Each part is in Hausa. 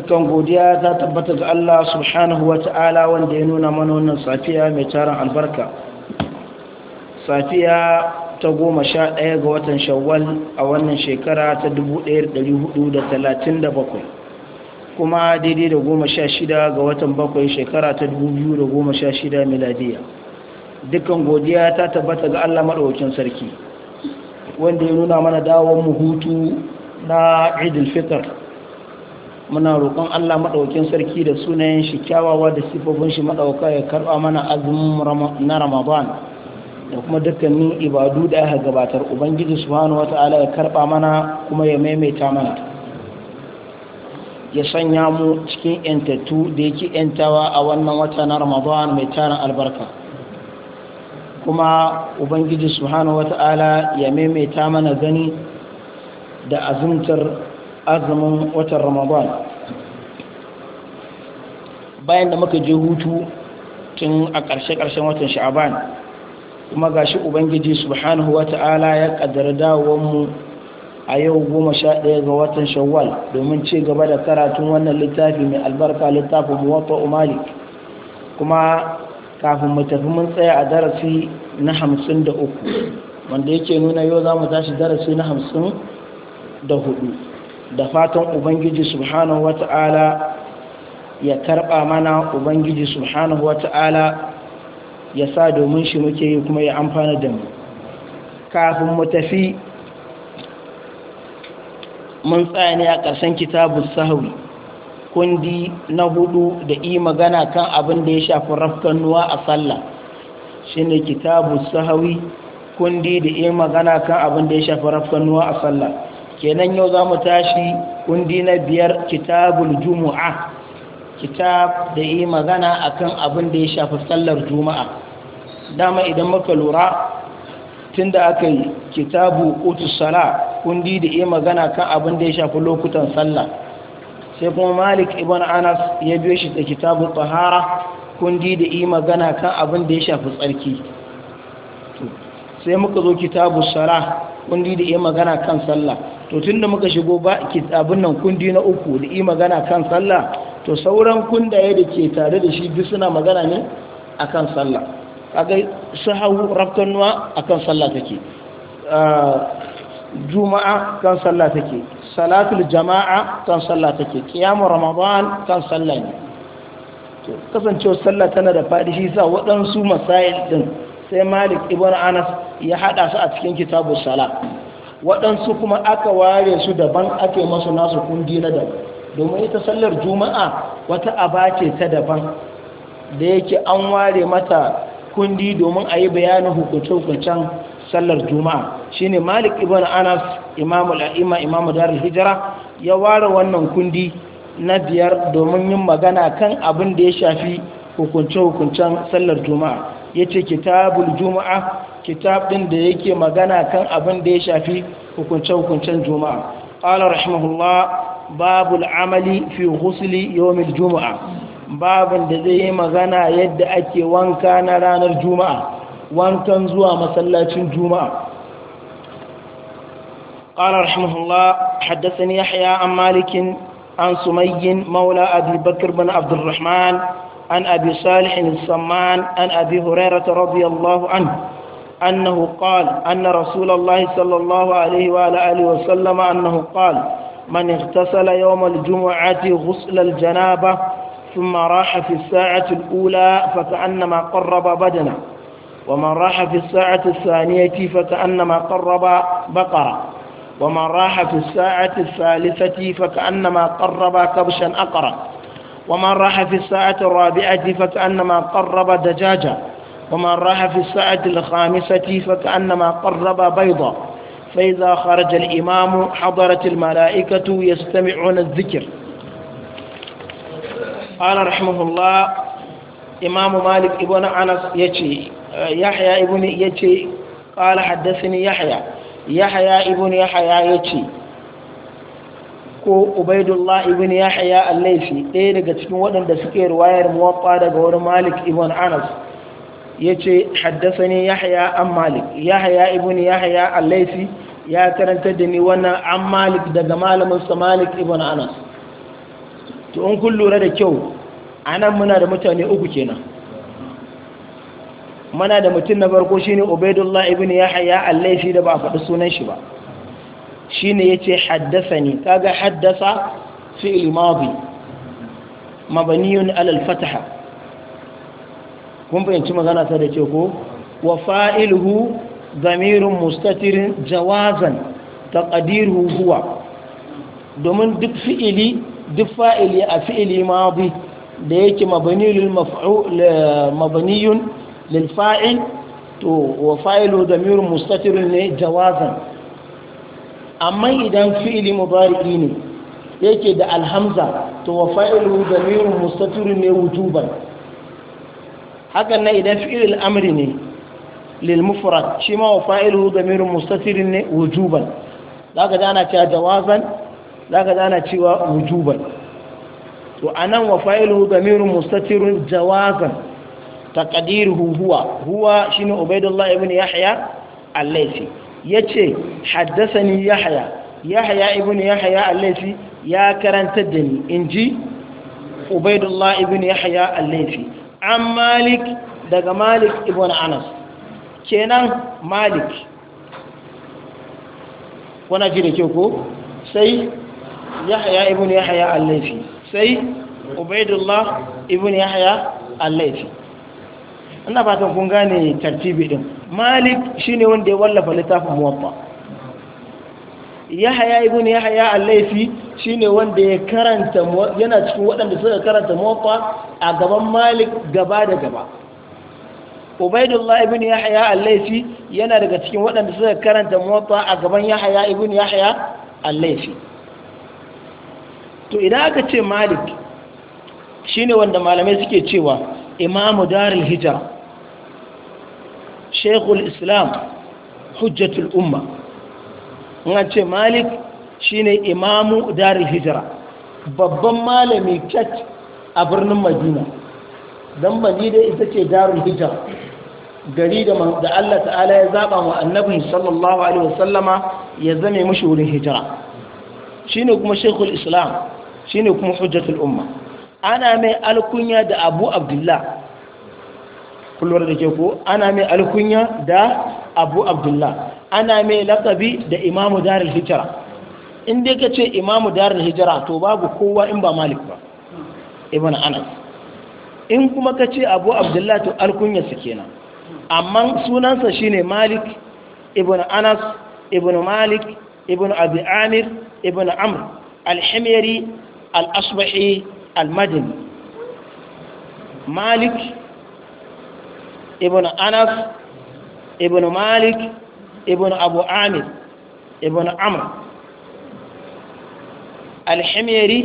dukkan godiya ta tabbata ga Allah subhanahu wa ta'ala wanda ya nuna mana wannan safiya mai taron albarka safiya ta goma sha ɗaya ga watan shawwal a wannan shekara ta 1437 kuma daidai da goma sha shida ga watan bakwai shekara ta 2016 miladiya dukkan godiya ta tabbata ga Allah maɗaukin sarki wanda ya nuna mana dawon mu hutu na idil fitar. muna roƙon Allah maɗaukin sarki da sunayen shi kyawawa da sifofin shi maɗauka ya karɓa mana azumin na Ramadan da kuma dukkanin ibadu da aka gabatar Ubangiji subhanahu wata'ala ya karɓa mana kuma ya maimaita mana ya sanya mu cikin yantattu da yake yantawa a wannan wata na Ramadan mai tarin albarka kuma Ubangiji subhanahu wata'ala ya maimaita mana gani da azumtar azumin watan ramadan bayan da muka je hutu tun a ƙarshe-ƙarshen watan sha'aban kuma ga shi ubangiji subhanahu wa ta'ala ya ƙaddar mu a yau goma sha ɗaya ga watan shawwal domin ci gaba da karatun wannan littafi mai albarka littafin muwatta umalik kuma kafin mu tafi mun tsaya a darasi na hamsin da uku wanda yake nuna yau za mu tashi darasi na hamsin da hudu da fatan ubangiji subhanahu wa ta'ala ya karɓa mana ubangiji subhanahu wa ta'ala ya sa domin shi muke yi kuma ya amfana da mu kafin mu tafi mun tsaya ne a ƙarshen kitabun sahawi kundi na hudu da yi magana kan abin da ya shafi rafkan nuwa a sallah shi ne kitabun kundi da yi magana kan abin da ya shafi rafkan nuwa a sallah kenan yau za mu tashi kundi na biyar kitabul jumu'a kitab da yi magana akan abin da ya shafi sallar juma'a dama idan muka lura tun da aka yi kitabu otu sala kundi da yi magana kan abin da ya shafi lokutan sallah sai kuma malik ibn anas ya biyo shi da kitabu tsahara kundi da yi magana kan abin da ya shafi tsarki sai muka zo kitabu sala kundi da yi magana kan sallah to tun da muka shigo ba abin nan kundi na uku da yi magana kan sallah to sauran kundaye da ke tare da shi duk suna magana ne akan sallah kaga sahawu rafkanuwa akan sallah take ah, juma'a kan sallah take salatul jama'a kan sallah take qiyamul ramadan kan sallah ne to kasancewa sallah tana da fadi shi sa waɗansu masail din sai Malik ibn Anas ya hada su a cikin kitabu sala waɗansu kuma aka ware su daban ake masu nasu kundi na daban domin ita sallar juma'a wata aba ce ta daban da yake an ware mata kundi domin a yi bayanin hukunce-hukuncen sallar juma'a Shi ne malik ibn anas imamu la'ima imamu darul hijira ya ware wannan kundi na biyar domin yin magana kan abin da ya shafi hukunce-hukuncen sallar juma'a ya ce kitabul juma'a kitab ɗin da yake magana kan abin da ya shafi hukunce-hukuncen juma'a ƙalar rahimahullah باب العمل في غسل يوم الجمعة باب الذي zai يد أكي وان كان ران الجمعة وان كان wankan مسلاة الجمعة قال رحمه الله حدثني يحيى عن مالك عن سمي مولى أبي بكر بن عبد الرحمن عن أبي صالح السمان عن أبي هريرة رضي الله عنه أنه قال أن رسول الله صلى الله عليه وآله وسلم أنه قال من اغتسل يوم الجمعة غسل الجنابة ثم راح في الساعة الأولى فكأنما قرب بدنا ومن راح في الساعة الثانية فكأنما قرب بقرة ومن راح في الساعة الثالثة فكأنما قرب كبشا أقرا ومن راح في الساعة الرابعة فكأنما قرب دجاجة ومن راح في الساعة الخامسة فكأنما قرب بيضا فإذا خرج الإمام حضرت الملائكة يستمعون الذكر قال رحمه الله إمام مالك ابن أنس يتي يحيى ابن يتي قال حدثني يحيى يحيى ابن يحيى يتي ko ubaidullah ibn yahya al-laifi ɗaya daga cikin waɗanda suke ruwayar muwaffa daga wani malik ibn anas yace haddathani yahya an malik yahya ibn yahya al-laifi ya karanta da ni wannan an malik daga malamin sa malik ibn anas to in kun lura da kyau anan muna da mutane uku kenan muna da mutum na farko shine ubaidullah ibn yahya al-laifi da ba a faɗi sunan shi ba shine yace haddathani kaga haddasa fi'l madi mabniyun ala al alalfataha? kun fahimci magana ta da ce ko wa fa'iluhu ضمير مستتر جوازا تقديره هو domin duk fi'ili duk fa'ili a fi'ili maɗi da yake mabaniyun lilfa'il to wa fa'ilu da mirin ne jawazan amma idan fi'ili mubari'i ne yake da alhamza to wa fa'ilu da mirin ne wujuban hakan na idan fi'il amri ne lil mufrad shi ma wa fa'iluhu damirun mustatirin ne wujuban zaka ga ana cewa jawazan zaka ga ana cewa wujuban to anan wa fa'iluhu damirun mustatirun jawazan taqdiruhu huwa huwa shine ubaidullah ibn yahya al-laythi yace haddathani yahya yahya ibn yahya al-laythi ya karanta da ni inji ubaidullah ibn yahya an malik daga malik ibn anas kenan malik wana ji da ke ko sai Yahaya ibn Yahaya al-laifi sai ubaidullah ibn Yahaya al-laifi ina fatan kun gane tartibi din malik shine wanda ya wallafa littafin muwatta Yahaya ibn Yahaya al-laifi shine wanda ya karanta yana cikin waɗanda suka karanta muwatta a gaban malik gaba da gaba ubaidullah ibn yahya al-laifi yana daga cikin waɗanda suka karanta muwatta a gaban yahya ibn yahya al-laifi to idan aka ce malik shine wanda malamai suke cewa imamu darul hijra shaykhul islam hujjatul umma an ce malik shine imamu darul hijra babban malami cat a birnin madina don madina ita ce darul hijab gari da Allah ta'ala ya zaba wa annabin sallallahu alaihi wasallama ya zame mashi wurin hijira Shi ne kuma shekul islam shi ne kuma hujjatul umma ana mai alkunya da abu abdullah kullum da ke ko ana mai alkunya da abu abdullah ana mai lakabi da imamu darul hijira in dai ka ce imamu darul hijira to babu kowa in ba malik ba ibn anas in kuma ka ce abu abdullahi to alkunyarsa kenan amma sunansa shine malik ibn anas ibn malik ibn abi amir ibn amr al-himyari al-asbahi al malik ibn anas ibn malik ibn abu amir ibn amr al-himyari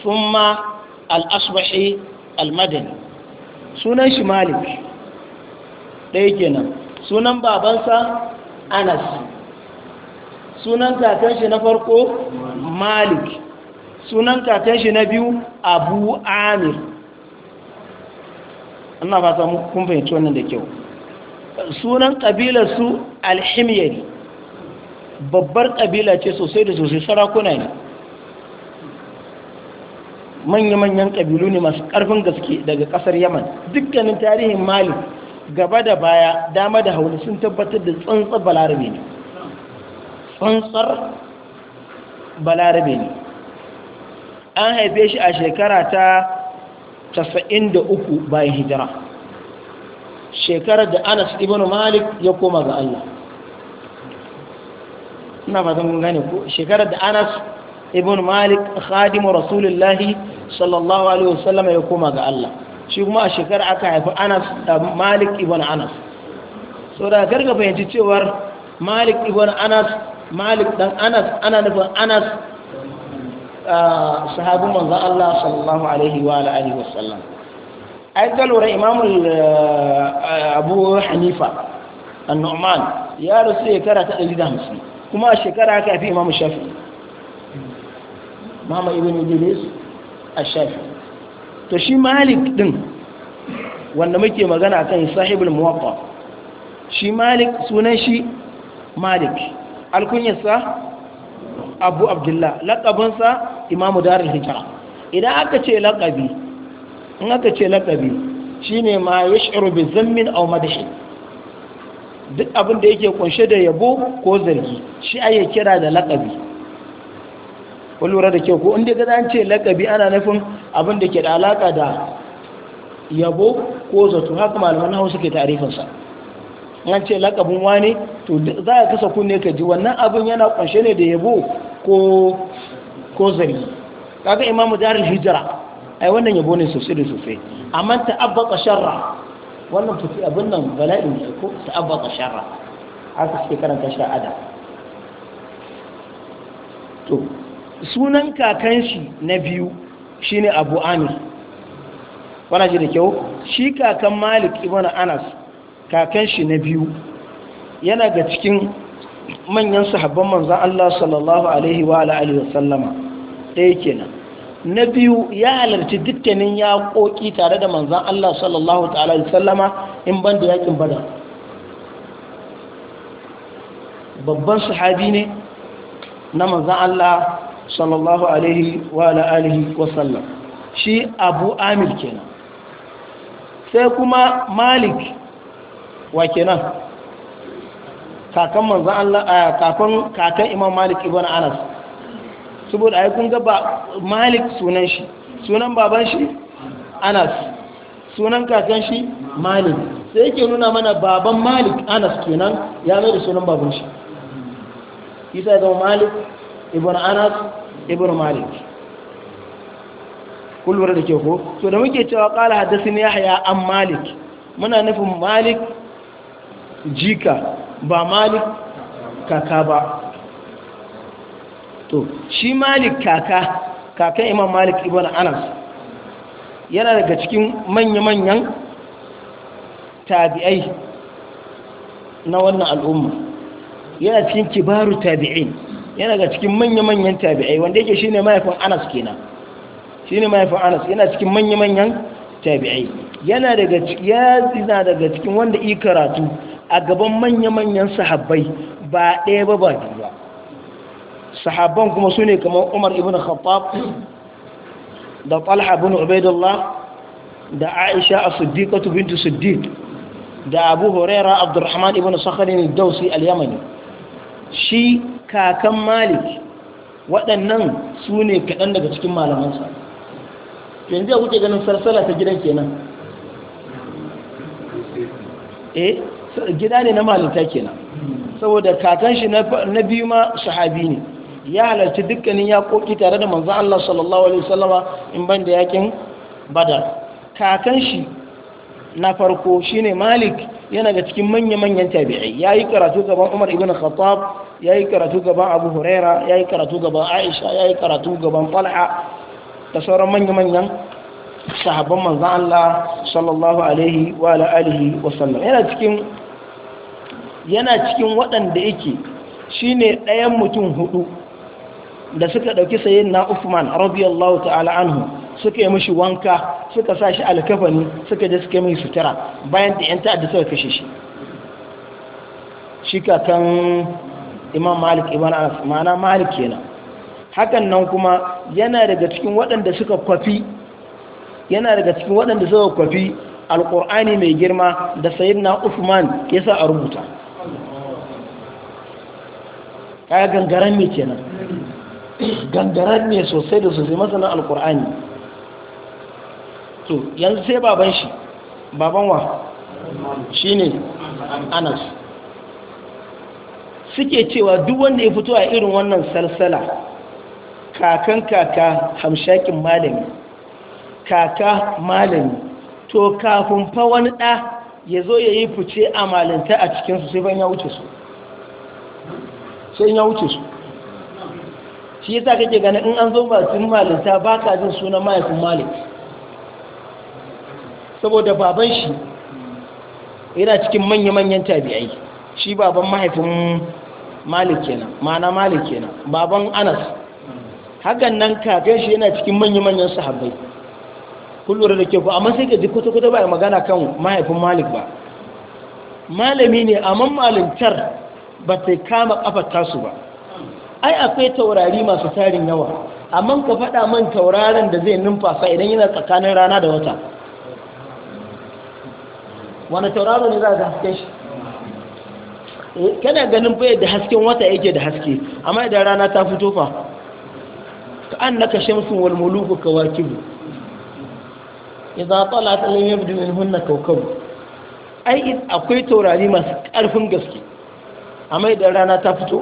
thumma al-asbahi al sunan shi malik ɗaya kenan sunan babansa anas sunan kakan shi na farko malik sunan kakan shi na biyu abu amir ana ba kun fahimci wannan da kyau sunan ƙabilarsu alhimiyari babbar ƙabila ce sosai da sosai sarakuna ne manya-manyan ƙabilu ne masu ƙarfin gaske daga ƙasar yaman dukkanin tarihin mali gaba da baya dama da hauli sun tabbatar da tsantsar balarabe ne tsantsar balarabe ne an haife shi a shekara ta uku bayan hijira shekarar da anas ibn malik ya koma ga allah ina ba zan gane ko shekarar da anas ibn malik khadimu rasulullahi sallallahu alaihi wasallam ya koma ga Allah shi kuma a shekara aka haifi Anas Malik ibn Anas so da karka fahimci cewar Malik ibn Anas Malik dan Anas ana nufin Anas sahabin manzon Allah sallallahu alaihi wa alihi wasallam ai ga lura Imam eh, Abu Hanifa An-Nu'man ya rasu shekara ta 150 kuma a shekara aka haifi Imam shafi. Muhammad ibn Idris shafi to shi malik din wanda muke magana kan sahibul muwaffa shi malik sunan shi malik alkunyarsa abu abdullah laƙabinsa imamu darul hijira idan aka ce lakabi in aka ce shine ma yash'iru bi zammin aw madhi duk abin da yake kunshe da yabo ko zargi shi ayi kira da lakabi. ko lura da kyau ko inda ga an ce lakabi ana nufin abin da ke da alaka da yabo ko zato haka malaman hausa ke tarifinsa an ce lakabin wani to za a kasa kunne ka ji wannan abin yana kunshe ne da yabo ko ko zari kaga imamu darul hijra ai wannan yabo ne sosai da sosai amma abba sharra wannan fiti abin nan bala'i ne ko abba sharra haka suke karanta shi a ada. to sunan kakan shi na biyu shine abu amir wana ji da kyau shi kakan malik ibn anas kakan shi na biyu yana ga cikin manyan sahabban manzan Allah sallallahu alaihi wa alaihi wa sallama ɗaya kenan na biyu ya halarci dukkanin yaƙoƙi tare da manzan Allah sallallahu ta'ala wa sallama in ban da yakin bada babban sahabi ne na manzan Allah sallallahu alaihi wa wa wasallam shi abu amir kenan sai kuma malik wa kenan kakan manzan Allah a kakan kakan imam malik ibn anas saboda yi kun ga malik sunan shi sunan baban shi anas sunan kakan shi malik sai yake nuna mana baban malik anas kenan ya mai da sunan baban shi isa zama malik ibn anas ibn malik kun da ke ko to da muke cewa qala hadathani yahya an malik muna nufin malik jika ba malik kaka ba to shi malik kaka kakan imam malik ibn anas yana daga cikin manya-manyan tabi'ai na wannan al'umma yana cikin kibaru tabi'in yana ga cikin manya-manyan tabi'ai wanda yake shine mahaifin Anas kenan shine mahaifin Anas yana cikin manya-manyan tabi'ai yana daga yana daga cikin wanda yi karatu a gaban manya-manyan sahabbai ba ɗaya ba ba biyu sahabban kuma su ne kamar Umar ibn Khattab da Talha ibn Ubaidullah da Aisha as-Siddiqatu bintu Siddiq da Abu Hurairah Abdurrahman ibn Sakhr al-Dawsi al-Yamani shi kakan malik waɗannan su ne kaɗan daga cikin malamansa yanzu ya kuke ganin sarsala ta gidan kenan eh gida ne na malinta kenan saboda kakan shi na biyu ma sahabi ne ya halarci dukkanin ya koki tare da manzan Allah sallallahu Alaihi wasallama in ban da yaƙin badar kakan shi na farko shi ne malik yana da cikin manya-manyan tabi'ai ya yi karatu gaban umar ibn khattab ya yi karatu gaban abu huraira ya yi karatu gaban aisha ya yi karatu gaban fal'a da sauran manya-manyan sahabban manzan allah sallallahu alaihi wa alihi wasallam yana cikin yana cikin waɗanda yake ne ɗayan mutum hudu da suka ɗauki sayin na Uthman radiyallahu ta'ala anhu suka yi mishi wanka suka sa shi alkafani suka je suka yi mai sutura bayan da 'yan ta'adda suka kashe shi shi kakan imam malik iman anas ma'ana malik kenan hakan nan kuma yana daga cikin waɗanda suka kwafi yana daga cikin waɗanda suka kwafi alƙur'ani mai girma da na usman ya sa a rubuta kaya gangaren mai kenan gangaren ne sosai da sosai masana alƙur'ani to yanzu sai baban shi baban wa shi ne anas suke cewa duk wanda ya fito a irin wannan salsala kakan kaka hamshakin malami kaka malami to kafin fa wani ɗa ya zo ya yi fice a malinta a cikinsu sai ban ya wuce su sai ya wuce su shi sa kake gani in an zo ba sun malinta ba ka jin sunan mahaifin malami saboda baban shi yana cikin manya-manyan tabi'ai shi baban mahaifin malik kenan ma'ana malik kenan baban anas hakan nan kafin shi yana cikin manya-manyan sahabbai kullum da ke ku amma sai ka ji kwata-kwata ba magana kan mahaifin malik ba malami ne amma malintar ba ta kama kafar tasu ba ai akwai taurari masu tarin yawa amma ka faɗa man taurarin da zai numfasa idan yana tsakanin rana da wata wani tauraro ne za a haske shi eh, kana ganin bai da hasken wata yake da haske amma idan rana ta fito fa ka annaka shamsu wal muluku idan tala ta lam yabdu hunna kawkab ai akwai taurari masu karfin gaske amma idan rana ta fito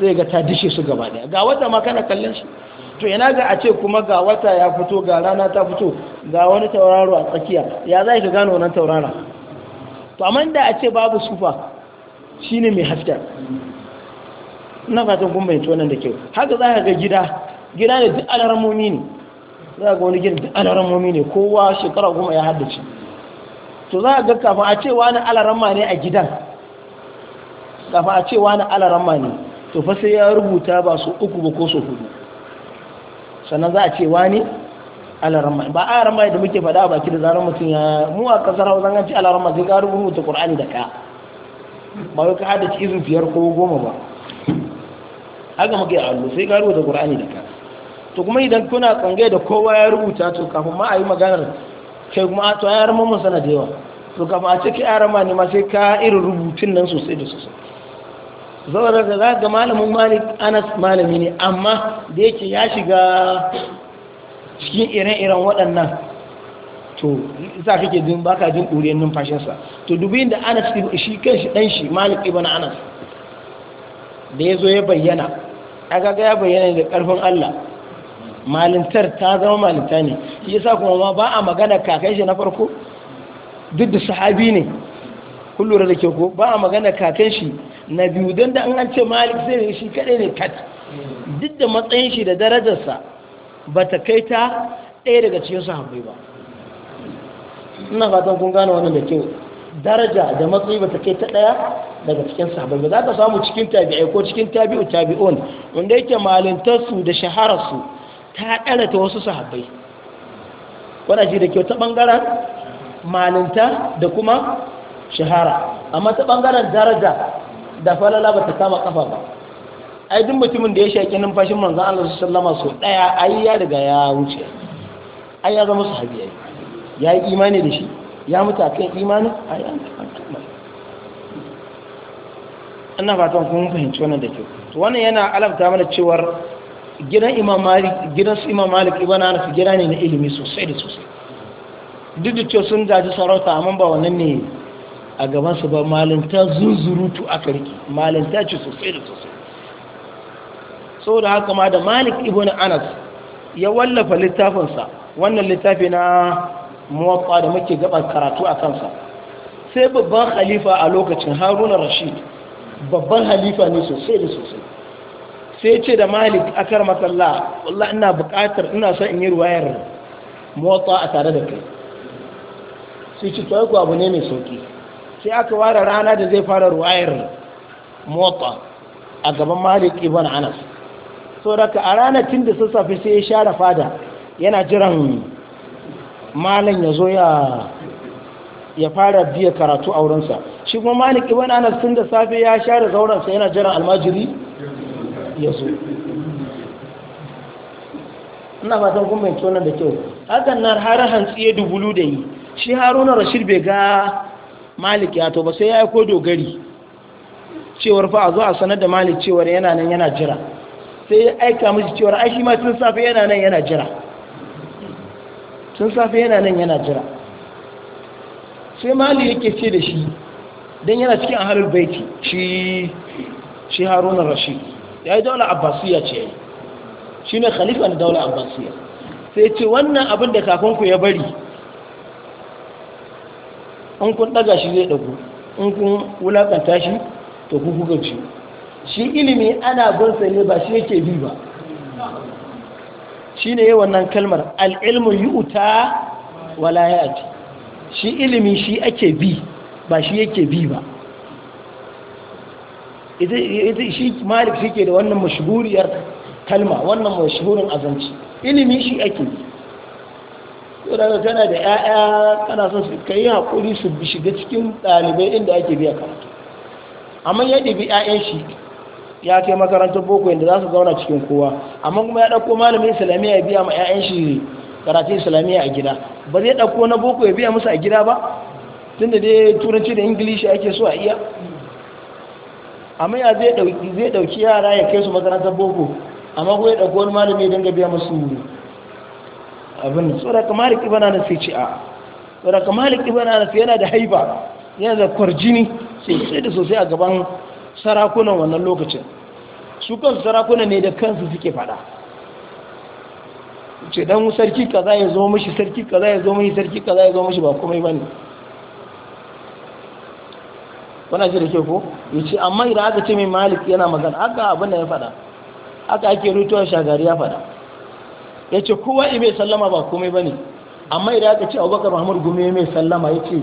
sai ga ta dishe su gaba daya ga wata ma kana kallon shi to yana ga a ce kuma ga wata ya fito ga rana ta fito ga wani tauraro a tsakiya ya za ka gano wannan taurara to amma da a ce babu sufa shine mai haska ina fatan kun bai wannan da kyau haka za ka ga gida gida ne duk alarmomi ne za ga wani gida duk alarmomi ne kowa shekara goma ya haddace to za ka ga kafin a ce wani alarma ne a gidan kafin a ce wani alarma ne to fa sai ya rubuta ba su uku ba ko su hudu sannan za a ce wani alarama ba alarama da muke fada a baki da zarar mutum ya mu a kasar hausa an ci alarama sai ka rubuta qur'ani da ka ba wai ka hada ci izin biyar ko goma ba haka muke allo sai ka rubuta qur'ani da ka to kuma idan kuna tsangaye da kowa ya rubuta to kafin ma a yi maganar kai kuma to ya rama mun sana da yawa to kafin a ce ki arama ne ma sai ka irin rubutun nan sosai da sosai zaura da za ga malamin malik anas malami ne amma da yake ya shiga cikin irin irin waɗannan to za ke jin baka jin ɗuriyar numfashinsa to dubi da anas shi kan shi ɗan shi malik ibn anas da ya zo ya bayyana a ga ya bayyana da ƙarfin allah malintar ta zama malinta ne shi sa kuma ba a magana kakai shi na farko duk da sahabi ne kun lura da ke ko ba a magana kakan shi na biyu don da an ce malik sai ne shi kaɗai ne kat duk da matsayin shi da darajarsa ba ta kai ta ɗaya daga cikin sahabbai ba ina fatan kun gane wannan da kyau daraja da matsayi ba ta kai ta ɗaya daga cikin sahabbai ba za ka samu cikin tabi'ai ko cikin tabi'u tabi'un wanda yake malintarsu da shahararsu ta ɗara ta wasu sahabbai wadda shi da kyau ta ɓangaren malinta da kuma shahara amma ta bangaren daraja da falala ba ta kama kafa ba ai duk mutumin da ya shaƙi numfashin manzon Allah sallallahu alaihi wasallam daya ai ya riga ya wuce ai ya zama sahabi ai ya yi imani da shi ya mutu kan imani ai an tuma ina fatan kun fahimci wannan da kyau to wannan yana alamta mana cewar gidan Imam Malik gidan su Imam Malik ibn Anas gida ne na ilimi sosai da sosai duk da cewa sun gaji sarauta amma ba wannan ne a gabansu ba malinta zuzurutu aka karki malinta ce sosai da sosai saboda haka ma da malik ibn anas ya wallafa littafinsa wannan littafi na muwaffa da muke gaba karatu a kansa sai babban halifa a lokacin haruna rashid babban halifa ne sosai da sosai sai ce da malik akar matsala wallah ina bukatar ina son in yi ruwayar muwaffa a tare da kai sai ce to abu ne mai sauki sai aka ware rana da zai fara ruwayar motsa a gaban malik ibn anas so daga a ranar tun da sassafe sai ya share fada yana jiran malam ya zo ya fara biya karatu a wurinsa shi kuma malik ibn anas tun da safe ya share zauransa yana jiran almajiri ya zo ina fatan kun bayanci wannan da kyau hakan na har hantsi ya dubulu da yi shi haruna rashid bai ga malik ya toba sai ya yi ko dogari cewar fa a zo a sanar da malik cewar yana nan yana jira sai ya aika mishi cewar ai shi ma tun safe yana nan yana jira tun safe yana nan yana jira sai malik yake ce da shi don yana cikin halar baiti shi shi haruna rashid ya yi daular abbasiyya ce shi ne khalifa na daular abbasiyya sai ce wannan abin da kakonku ya bari in kun daga shi zai dagu in kun wulakanta shi to ku kuka shi shi ilimi ana gonsa ne ba shi yake bi ba shi ne wannan kalmar al'ilmu yi uta walayati shi ilimi shi ake bi ba shi yake bi ba ita shi malik shi ke da wannan mashahuriyar kalma wannan mashahurin azanci ilimi shi ake bi to tana da 'ya'ya kana son su kai hakuri su bi shiga cikin ɗalibai inda ake biya karatu amma ya ɗabi 'ya'yan shi ya kai makarantar boko inda za su zauna cikin kowa amma kuma ya ɗauko malamin islamiyya ya biya ma 'ya'yan shi karatun islamiyya a gida ba zai ɗauko na boko ya biya musu a gida ba tunda dai turanci da ingilishi ake so a iya amma ya zai ɗauki yara ya kai su makarantar boko amma kuma ya ɗauko wani malami ya dinga biya musu abin tsora kamar malik ibn na sai ce a tsora ka bana na sai yana da haiba yana da kwarjini sosai da sosai a gaban sarakunan wannan lokacin su kansu sarakunan ne da kansu suke fada ce dan sarki kaza ya zo mishi sarki kaza ya zo mishi sarki kaza ya zo mishi ba komai bane wannan shi da ke ko ce amma idan aka ce mai malik yana magana aka abin da ya fada aka ake rutuwa shagari ya fada ya ce kowa ime sallama ba komai ba ne amma idan aka ce abubakar muhammadu gumi mai sallama ya ce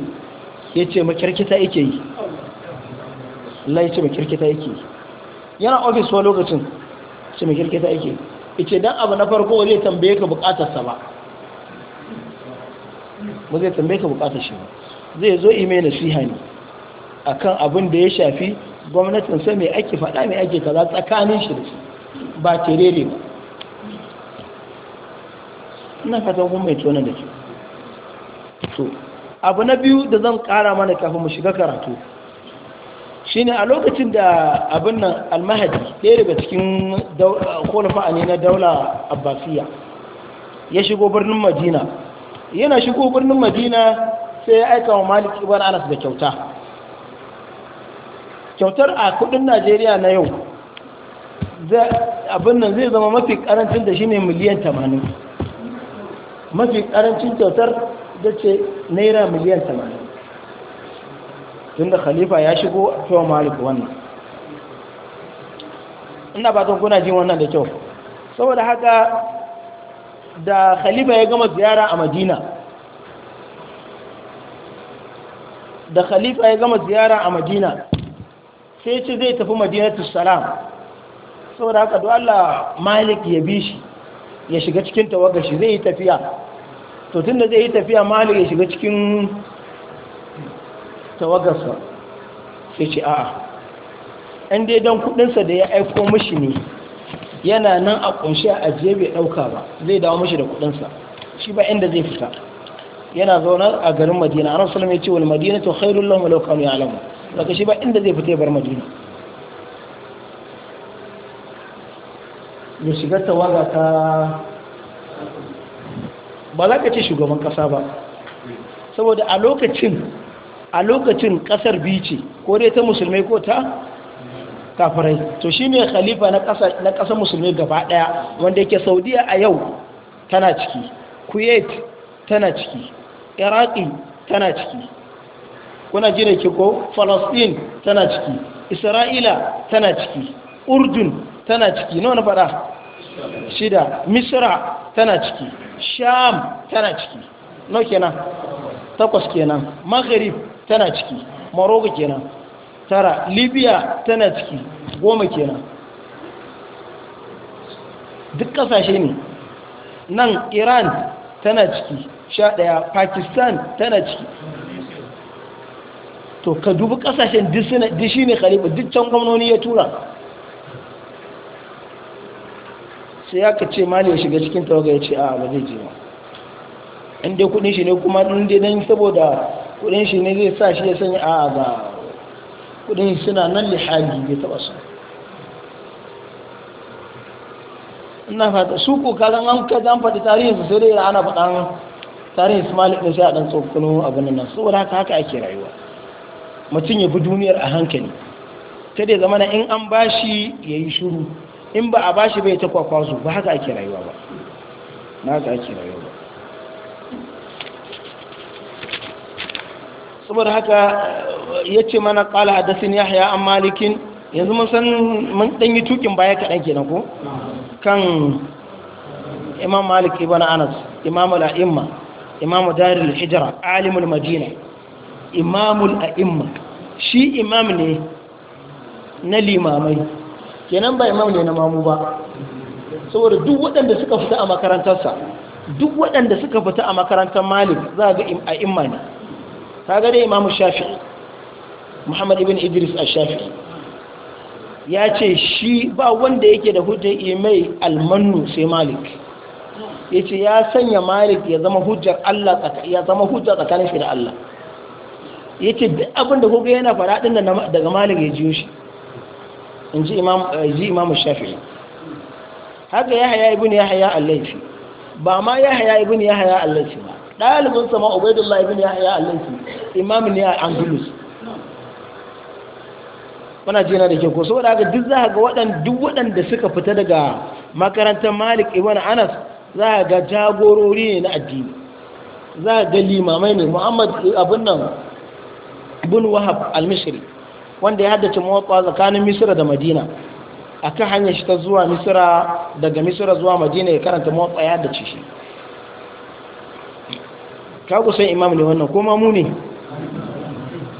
ya ce makirkita yake yi Allah ya ce makirkita yake yi yana ofis wa lokacin ce makirkita yake yi ya ce don abu na farko zai tambaye ka bukatarsa ba ba zai tambaye ka bukatar shi ba zai zo ime nasiha ne kan abin da ya shafi gwamnatin sai mai ake faɗa mai ake kaza tsakanin shi da shi ba terere ba ina fatan kuma mai tona da ke to abu na biyu da zan kara mana kafin mu shiga karatu shine a lokacin da abin nan almahadi ɗaya daga cikin khulafa ne na daula abbasiya ya shigo birnin madina yana shigo birnin madina sai ya aika wa malik ibar anas da kyauta kyautar a kudin najeriya na yau abin nan zai zama mafi karancin da shi ne miliyan tamanin. mafi karancin kyautar da ce naira miliyan 80 tunda khalifa ya shigo a cewa malik wannan ina ba kuna jin wannan da kyau saboda haka da khalifa ya gama ziyara a madina da khalifa ya gama ziyara a madina sai ce zai tafi madinatu salam saboda haka duk Allah malik ya bi shi ya shiga cikin tawagar shi zai yi tafiya to tun da zai yi tafiya malik ya shiga cikin tawagarsa sai ce a'a an dai don kudinsa da ya aiko mashi ne yana nan a kunshi a ajiye bai dauka ba zai dawo mashi da kudinsa shi ba inda zai fita yana zaune a garin madina an rasulun ya ce wani madina to khairun lahum ya kanu ya'lamu daga shi ba inda zai fita ya bar madina ya shiga tawaga ta ba za ka ce shugaban kasa ba saboda a lokacin a lokacin kasar biyu ce ko dai ta musulmai ko ta kafirai to shi ne khalifa na kasar musulmai gaba daya wanda yake saudiya a yau tana ciki kuwait tana ciki iraki tana ciki kuna ji da ko falastin tana ciki isra'ila tana ciki urdun tana ciki nawa na faɗa shida misra tana ciki sham tana ciki nawa kenan takwas kenan maghrib tana ciki morocco kenan tara libya tana ciki goma kenan duk kasashe ne nan iran tana ciki sha ɗaya pakistan tana ciki to ka dubi kasashen duk shi ne khalifa duk can gwamnoni ya tura sai aka ce mali ya shiga cikin tawaga ya ce a ba zai je ba inda kudin shi ne kuma in dai saboda kudin shi ne zai sa shi ya sanya a ga kudin suna nan lihali bai taba su ina fata su ko ka an ka an faɗi tarihin su sai dai ana faɗan tarihin su malik sai a dan tsokano abin nan saboda haka haka ake rayuwa mutum ya bi duniyar a hankali ta dai zamana in an bashi yayi shiru in ba a bashi bai ta su ba haka ake rayuwa ba na haka ake rayuwa ba saboda haka eh, ya ce mana kala ya haya an malikin yanzu mun san mun dan yi tukin baya kaɗan na ku. kan imam malik ibn anas imam al'imma imam darul hijra alimul madina imamul al'imma shi imam ne na limamai kenan ba imam ne na mamu ba saboda duk waɗanda suka fita a makarantarsa duk waɗanda suka fita a makarantar malik za ga a imma ne ta ga imamu shafi muhammad ibn idris a shafi ya ce shi ba wanda yake da hujjar imai almanu sai malik ya ce ya sanya malik ya zama hujjar allah ya zama hujjar tsakanin shi da allah ya ce abinda da kuka yana faraɗin daga malik ya jiyo shi in ji imamu eh, shafi'i haka ya haya ibini ya haya allaifi ba ma ya haya ibini ya haya allaifi ba ɗalibin sama ubaidullah ibini ya haya allaifi imam ne a angulus wana jina da ke ko saboda haka duk za ga waɗanda duk waɗanda suka fita daga makarantar malik ibn anas za ga jagorori ne na addini za ga limamai ne muhammad abun nan bin wahab al-mishri wanda ya haddace muwatsa tsakanin misira da madina a kan hanyar shi ta zuwa misira daga misira zuwa madina ya karanta muwatsa ya haddace shi ka kusan imam ne wannan kuma mu ne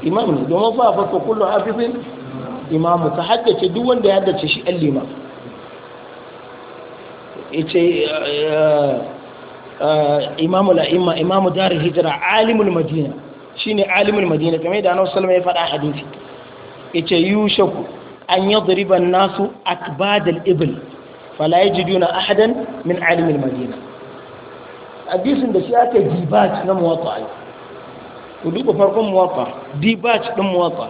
imam ne domin a fa kullum hafizin imamu ka haddace duk wanda ya haddace shi al limam yace eh, eh, imamu la'imma imamu darul hijra alimul madina ne alimul madina kamar da anawar salama ya faɗa hadisi yace yushaku an yadriba an-nasu akbadal ibl fala yajiduna ahadan min alimil madina hadisin da shi aka dibat na muwatta ku duba farkon muwatta dibat din muwatta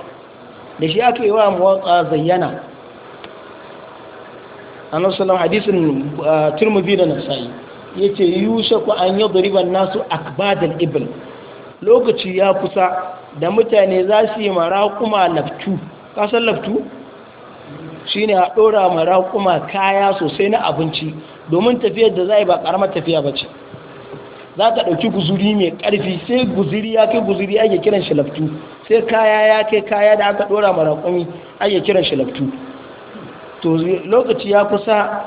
da shi aka yi wa muwatta zayyana annabi sallallahu hadisin uh, turmuzi da nasa'i yace yushaku an yadriba an-nasu akbadal ibl lokaci ya kusa da mutane za su yi maraƙuma laftu kasan laftu shi ne a ɗora ma kuma kaya sosai na abinci domin tafiyar da za yi ba ƙaramar tafiya ba ce za ta ɗauki guziri mai ƙarfi sai guziri ya kai guziri ake kiran shi laftu sai kaya ya kai kaya da aka ɗora mara kumi ake kiran shi laftu to lokaci ya kusa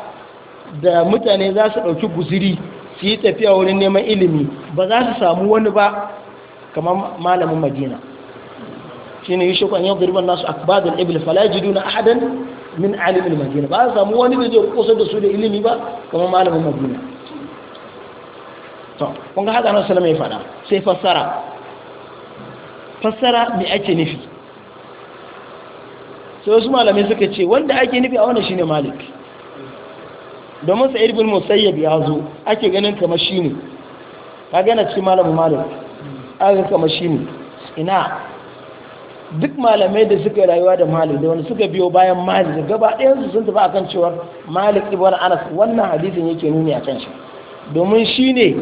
da mutane za su ɗauki guziri su yi tafiya wurin neman ilimi ba za su samu wani ba kamar malamin madina shine yushe kan yau girban nasu akbadul ibl Falaji, yajiduna ahadan min alimin madina ba a samu wani da zai kusa da su da ilimi ba kuma malamin madina to kun ga haka annabi sallallahu ya faɗa sai fassara fassara me ake nufi sai wasu malamai suka ce wanda ake nufi a wannan shine malik domin sa'id irbin musayyab ya zo ake ganin kamar ne ka gana cikin malamin malik aka kamar ne ina duk malamai da suka yi rayuwa da malik da wani suka biyo bayan malik gaba ɗayansu sun tafi akan cewar malik ibn anas wannan hadisin yake nuni a kan shi domin shi ne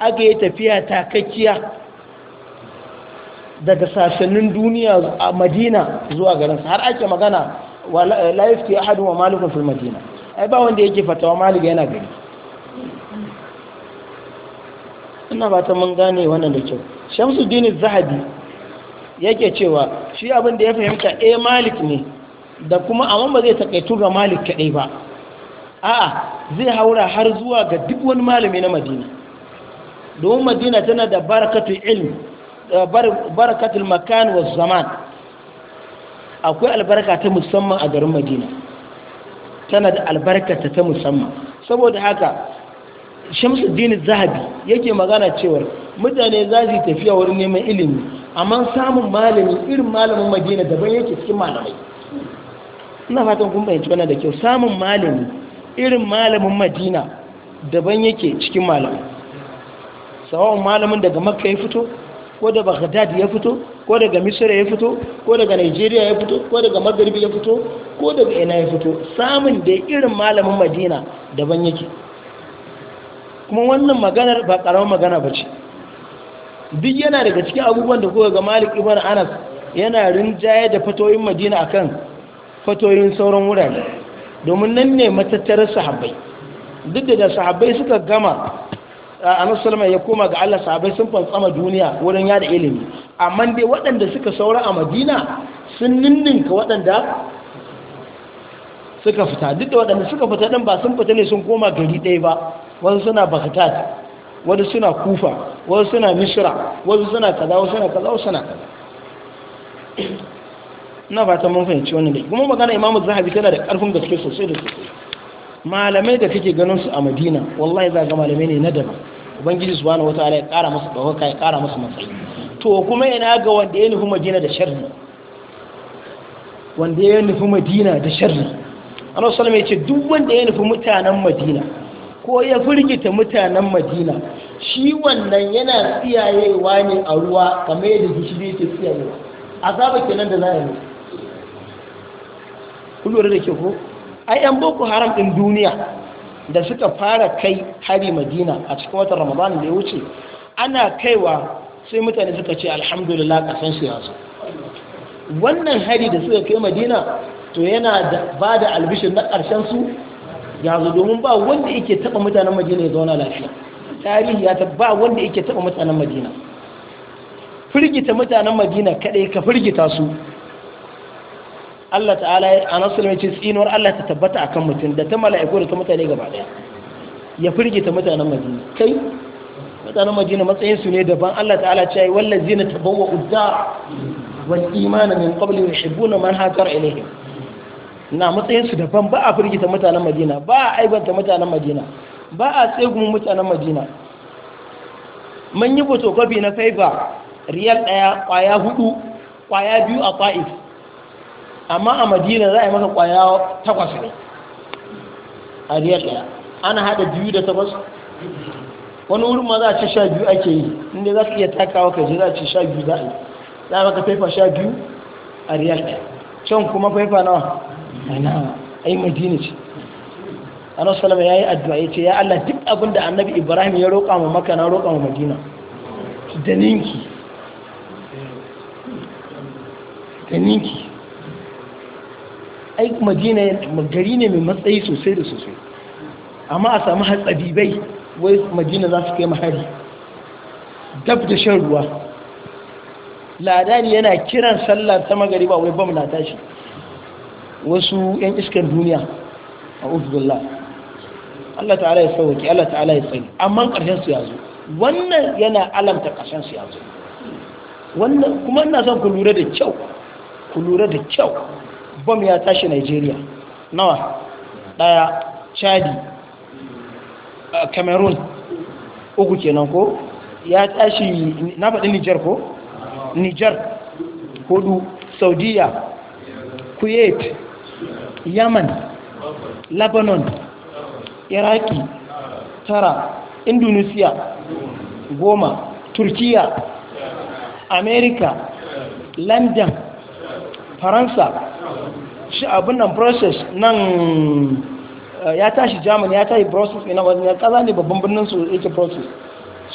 aka yi tafiya ta takakkiya daga sassanin duniya a madina zuwa garinsa har ake magana laif yafti ahadu wa malikun fil madina ai ba wanda yake fatawa malik yana gari ina ba ta mun gane wannan da kyau shamsuddin zahabi yake cewa shi abin da ya fahimta a eh, malik ne da kuma amma ba zai takaitu ga malik kaɗai ba a'a zai haura har zuwa ga duk wani malami na madina domin madina tana da barakatul ilm eh, barakatul makan wa zaman akwai albarka ta musamman a garin madina tana da albarkata ta musamman saboda haka shamsuddin zahabi yake magana cewa mutane za su tafiya wurin neman ilimi amma samun malami irin malamin madina daban yake cikin malamai ina fatan kun fahimci wannan da kyau samun malami irin malamin madina daban yake cikin malamai sawon malamin daga makka ya fito ko da baghdad ya fito ko daga misira ya fito ko daga nigeria ya fito ko daga magharibi ya fito ko daga ina ya fito samun da irin malamin madina daban yake kuma wannan maganar ba karamar magana ba ce duk yana daga cikin abubuwan da kuka ga malik ibn anas yana rinjaye da fatoyin madina akan fatoyin sauran wurare domin nan ne matattarar sahabbai duk da sahabbai suka gama annabi sallama ya koma ga Allah sahabbai sun fantsama duniya wurin yada ilimi amma dai waɗanda suka saura a madina sun ninninka waɗanda suka fita duk da waɗanda suka fita ɗin ba sun fita ne sun koma gari ɗaya ba wasu suna bakatat wani suna kufa wasu suna mishira wasu suna kaza wasu suna kaza wasu suna kaza ina fata mun fahimci wannan dai kuma magana imamu zahabi tana da karfin gaske sosai da sosai malamai da kake ganin su a madina wallahi za ga malamai ne na daban ubangiji subhanahu wataala ya kara masa dawaka ya kara masa matsayi to kuma ina ga wanda ya nufi madina da sharri wanda ya nufi madina da sharri annabi sallallahu alaihi wasallam ya ce duk wanda ya nufi mutanen madina ko ya firgita mutanen madina shi wannan yana tsiyayewa ne a ruwa kamar yadda gishiri ke tsiyayewa ke kenan da za a yi kullum da ke ko a yan boko haram ɗin duniya da suka fara kai hari madina a cikin watan ramadan da ya wuce ana kaiwa sai mutane suka ce alhamdulillah kasan shi wannan hari da suka kai madina to yana ba da albishin na ƙarshen su yanzu domin ba wanda yake taɓa mutanen madina ya zauna lafiya tarihi ya ba wanda yake taba mutanen madina firgita mutanen madina kadai ka firgita su Allah ta'ala a nasu ce tsinuwar Allah ta tabbata a kan mutum da ta mala'iku da ta mutane gaba daya ya firgita mutanen madina kai mutanen madina matsayin su ne daban Allah ta'ala ce ai wallazina tabawwa uddar wal imana min qabli yuhibbuna man hajar ilayhim na matsayin su daban ba a firgita mutanen madina ba a aibanta mutanen madina ba a tsegun mutanen madina man yi fotokofi na faifa riyal ɗaya ƙwaya hudu ƙwaya biyu a ƙwa'if amma a madina za a yi maka ƙwaya takwas ne a riyal ɗaya ana haɗa biyu da takwas wani wurin ma za a ci sha biyu ake yi inda za ka iya takawa kaji za a ci sha biyu za a yi za a maka faifa sha biyu a riyal ɗaya can kuma faifa nawa ai madina ce annabi salama ya yi addu'a ya ce ya Allah duk abin da annabi Ibrahim ya roƙa mu maka na roƙa mu Madina da ninki da ninki ai Madina gari ne mai matsayi sosai da sosai amma a samu hatsabibai wai Madina za su kai mahari dab da shan ruwa ladani yana kiran sallar ta magari ba wai bam na tashi wasu 'yan iskar duniya a uzubillah Allah ta'ala ya sauke Allah ta'ala ya tsaye amma ƙarshen su ya wannan yana alamta ƙarshen su ya wannan kuma ina son ku lura da kyau ku lura da kyau bom ya tashi Nigeria nawa daya Chadi Cameroon uku kenan ko ya tashi na faɗi Niger ko Niger hudu Saudiya Kuwait Yaman Lebanon iraki tara indonesia goma turkiya america london faransa shi abin nan process nan eh, ya tashi germany ya tashi process ina wajen ya kaza ne babban birnin su yake process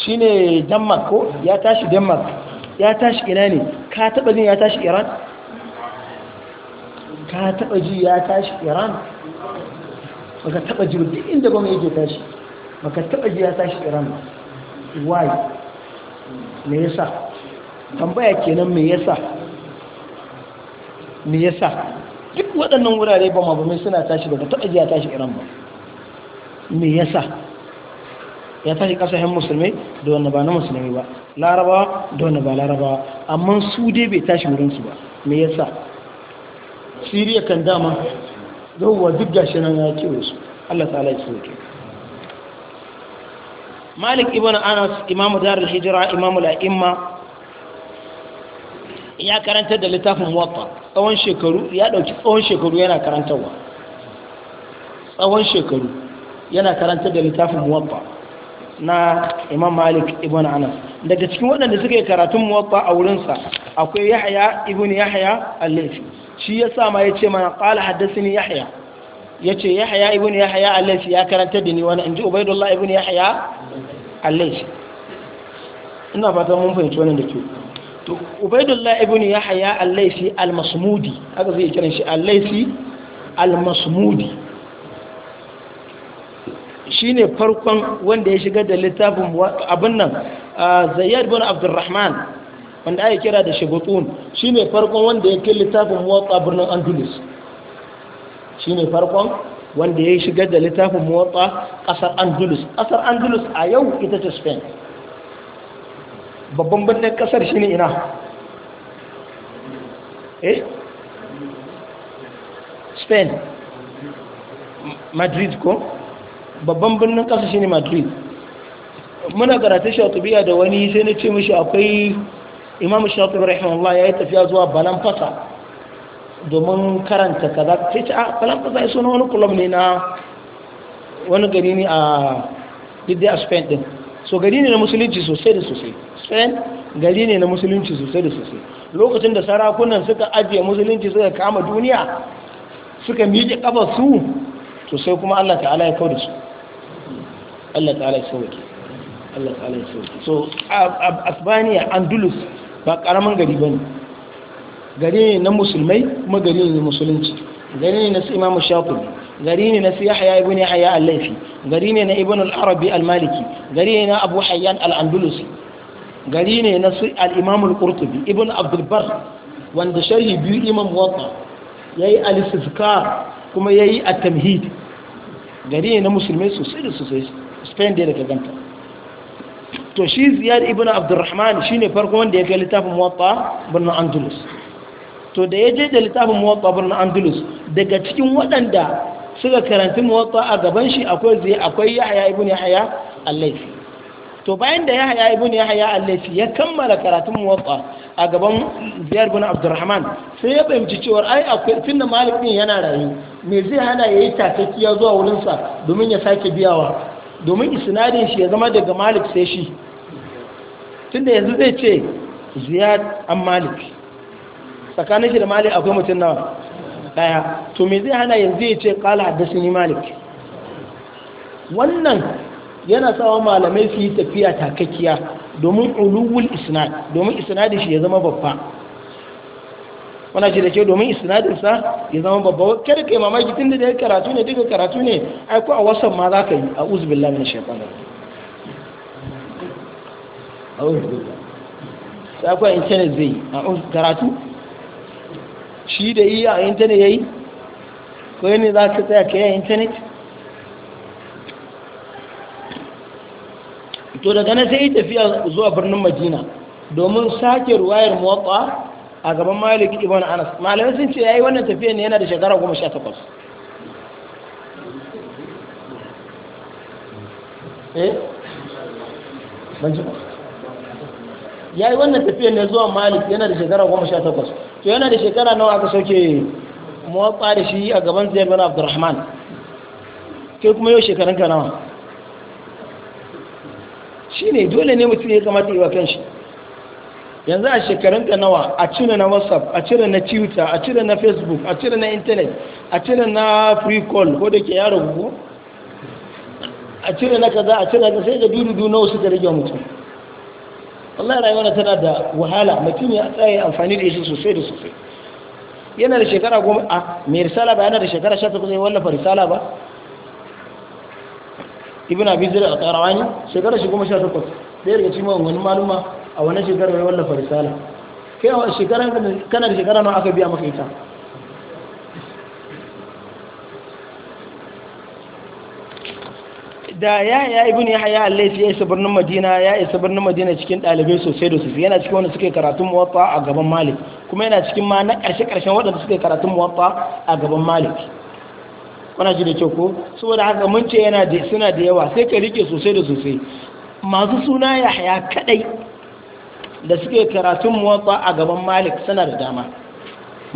shi ne denmark ko ya tashi denmark ya tashi ina ne ka taba jin ya tashi iran ka taba ji ya tashi iran baka taba ji duk inda gwamna yake tashi baka taba ji ya tashi iran ba why me yasa tambaya kenan me yasa me yasa duk waɗannan wurare ba mai suna tashi baka taba ji ya tashi iran ba me yasa ya tashi kasashen musulmi da wanda ba na musulmi ba larabawa da wanda ba larabawa amma su dai bai tashi wurinsu ba me yasa siriya kan dama yauwa duk gashi nan ya kewa su Allah ta ya suke. Malik ibn Anas imamu al hijira imamu la'imma ya karanta da littafin wata tsawon shekaru ya ɗauki tsawon shekaru yana karantarwa tsawon shekaru yana karanta da littafin wata na imam Malik ibn Anas daga cikin waɗanda suka yi karatun wata a wurinsa akwai Yahya ibn Yahya Allah. shi ya sa ma yace mana haddasa ni Yahya yace yahya ibn yahya al-laysi ya karanta da ni wani inji ubaidullah ibn yahya al-laysi ina fatan mun fahimci wannan da ke to ubaidullah ibn ya haya laysi al haka zai kiran shi al Almasmudi. Shi ne farkon wanda ya shigar da littafin abin nan zayyar bin abdurrahman wanda ake kira da Shi ne farkon wanda ya kai littafin muwatta birnin andalus ne farkon wanda ya yi shigar da littafin motsa ƙasar andalus ƙasar andalus a yau ita ce spain babban birnin ƙasar shi ne ina eh spain madrid ko babban birnin ƙasar shi ne madrid muna karatun shatubiya da wani sai na ce mishi akwai imam shatubi rahimallah ya yi tafiya zuwa balan fasa domin karanta kaza sai ce a ah, kalan kaza suna wani kulob ne na wani gari ne a didi a spain din so gari ne na musulunci sosai da sosai spain gari ne na musulunci sosai da sosai lokacin da sarakunan suka ajiye musulunci suka kama duniya suka miƙe ƙafa su to sai kuma allah ta'ala ya kawo da su allah ta'ala ya sauke allah ta'ala ya sauke so a asbaniya andalus ba ƙaramin gari ba ne gari ne na musulmai kuma gari ne musulunci gari ne na su imamu shafi gari ne na siya yahya ibn yahya al-laifi gari ne na ibn al-arabi al-maliki gari ne na abu hayyan al-andalusi gari ne na su al-imam al-qurtubi ibn abdul bar wanda sharhi biyu imam muwatta ya yi istizkar kuma yayi at-tamhid gari ne na musulmai sosai da sosai spain da daga ganta to shi ziyar ibn abdurrahman shine farko wanda ya ga littafin muwatta bin andalus to da ya je da littafin muwatta birnin andalus daga cikin waɗanda suka karanta muwatta a gaban shi akwai zai akwai ya haya ibu ne haya allafi to bayan da ya yahaya ibu ne haya laifi ya kammala karatun muwatta a gaban ziyar bin abdurrahman sai ya fahimci cewa ai akwai tun tunda malik din yana rayu me zai hana ya yayi ya zuwa wurinsa domin ya sake biyawa domin isnadin shi ya zama daga malik sai shi tunda yanzu zai ce ziyad an malik tsakanin shi da malik akwai mutum nawa daya to me zai hana yanzu ya ce kala ni malik wannan yana sawa malamai su yi tafiya takakkiya domin uluwul isnad domin isnadin shi ya zama babba wannan shi da ke domin isnadin sa ya zama babba kada kai mamaki tun da karatu ne duka karatu ne ai ko a wasan ma za ka yi a uzbillah min shaytanir a uzbillah sai akwai internet zai a karatu shi da yi a intanet ya yi ko ne za ka tsaya ka yi a intanet to daga na sai yi tafiya zuwa birnin madina domin sake ruwayar mawaƙa a gaban malik ibn anas malamai sun ce ya yi wannan tafiya ne yana da shekara goma sha takwas eh? Ya yi wannan tafiya ne zuwa malik yana da shekara goma sha takwas to yana da shekara nawa aka sauke mawaƙa da shi a gaban zai bin abdurrahman ke kuma yau shekarun ka nawa shi ne dole ne mutum ya kamata yi wa kanshi yanzu a shekarun ka nawa a cire na whatsapp a cire na twitter a cire na facebook a cire na internet a cire na free call ko da ke yaro gugu a cire na kaza a cire na sai da dudu na wasu da rage mutum wallahi rayuwar tana da wahala mutum ya tsaye amfani da shi sosai da sosai yana da shekara goma a mai risala ba yana da shekara sha takwas ya wallafa risala ba ibn abi zira a karawani shekara shi goma sha takwas ɗaya daga cikin wani maluma a wannan shekarar ya wallafa risala kai a shekara kana da shekara nawa aka biya maka ita da ya ya ibn yahya allaisi ya isa birnin madina ya isa birnin madina cikin dalibai sosai da sosai yana cikin wanda suke karatun muwatta a gaban malik kuma yana cikin ma na karshe karshen waɗanda suke karatun muwatta a gaban malik wannan shi da kyau ko saboda haka mun ce yana da suna da yawa sai ka rike sosai da sosai masu suna yahya kadai da suke karatun muwatta a gaban malik suna da dama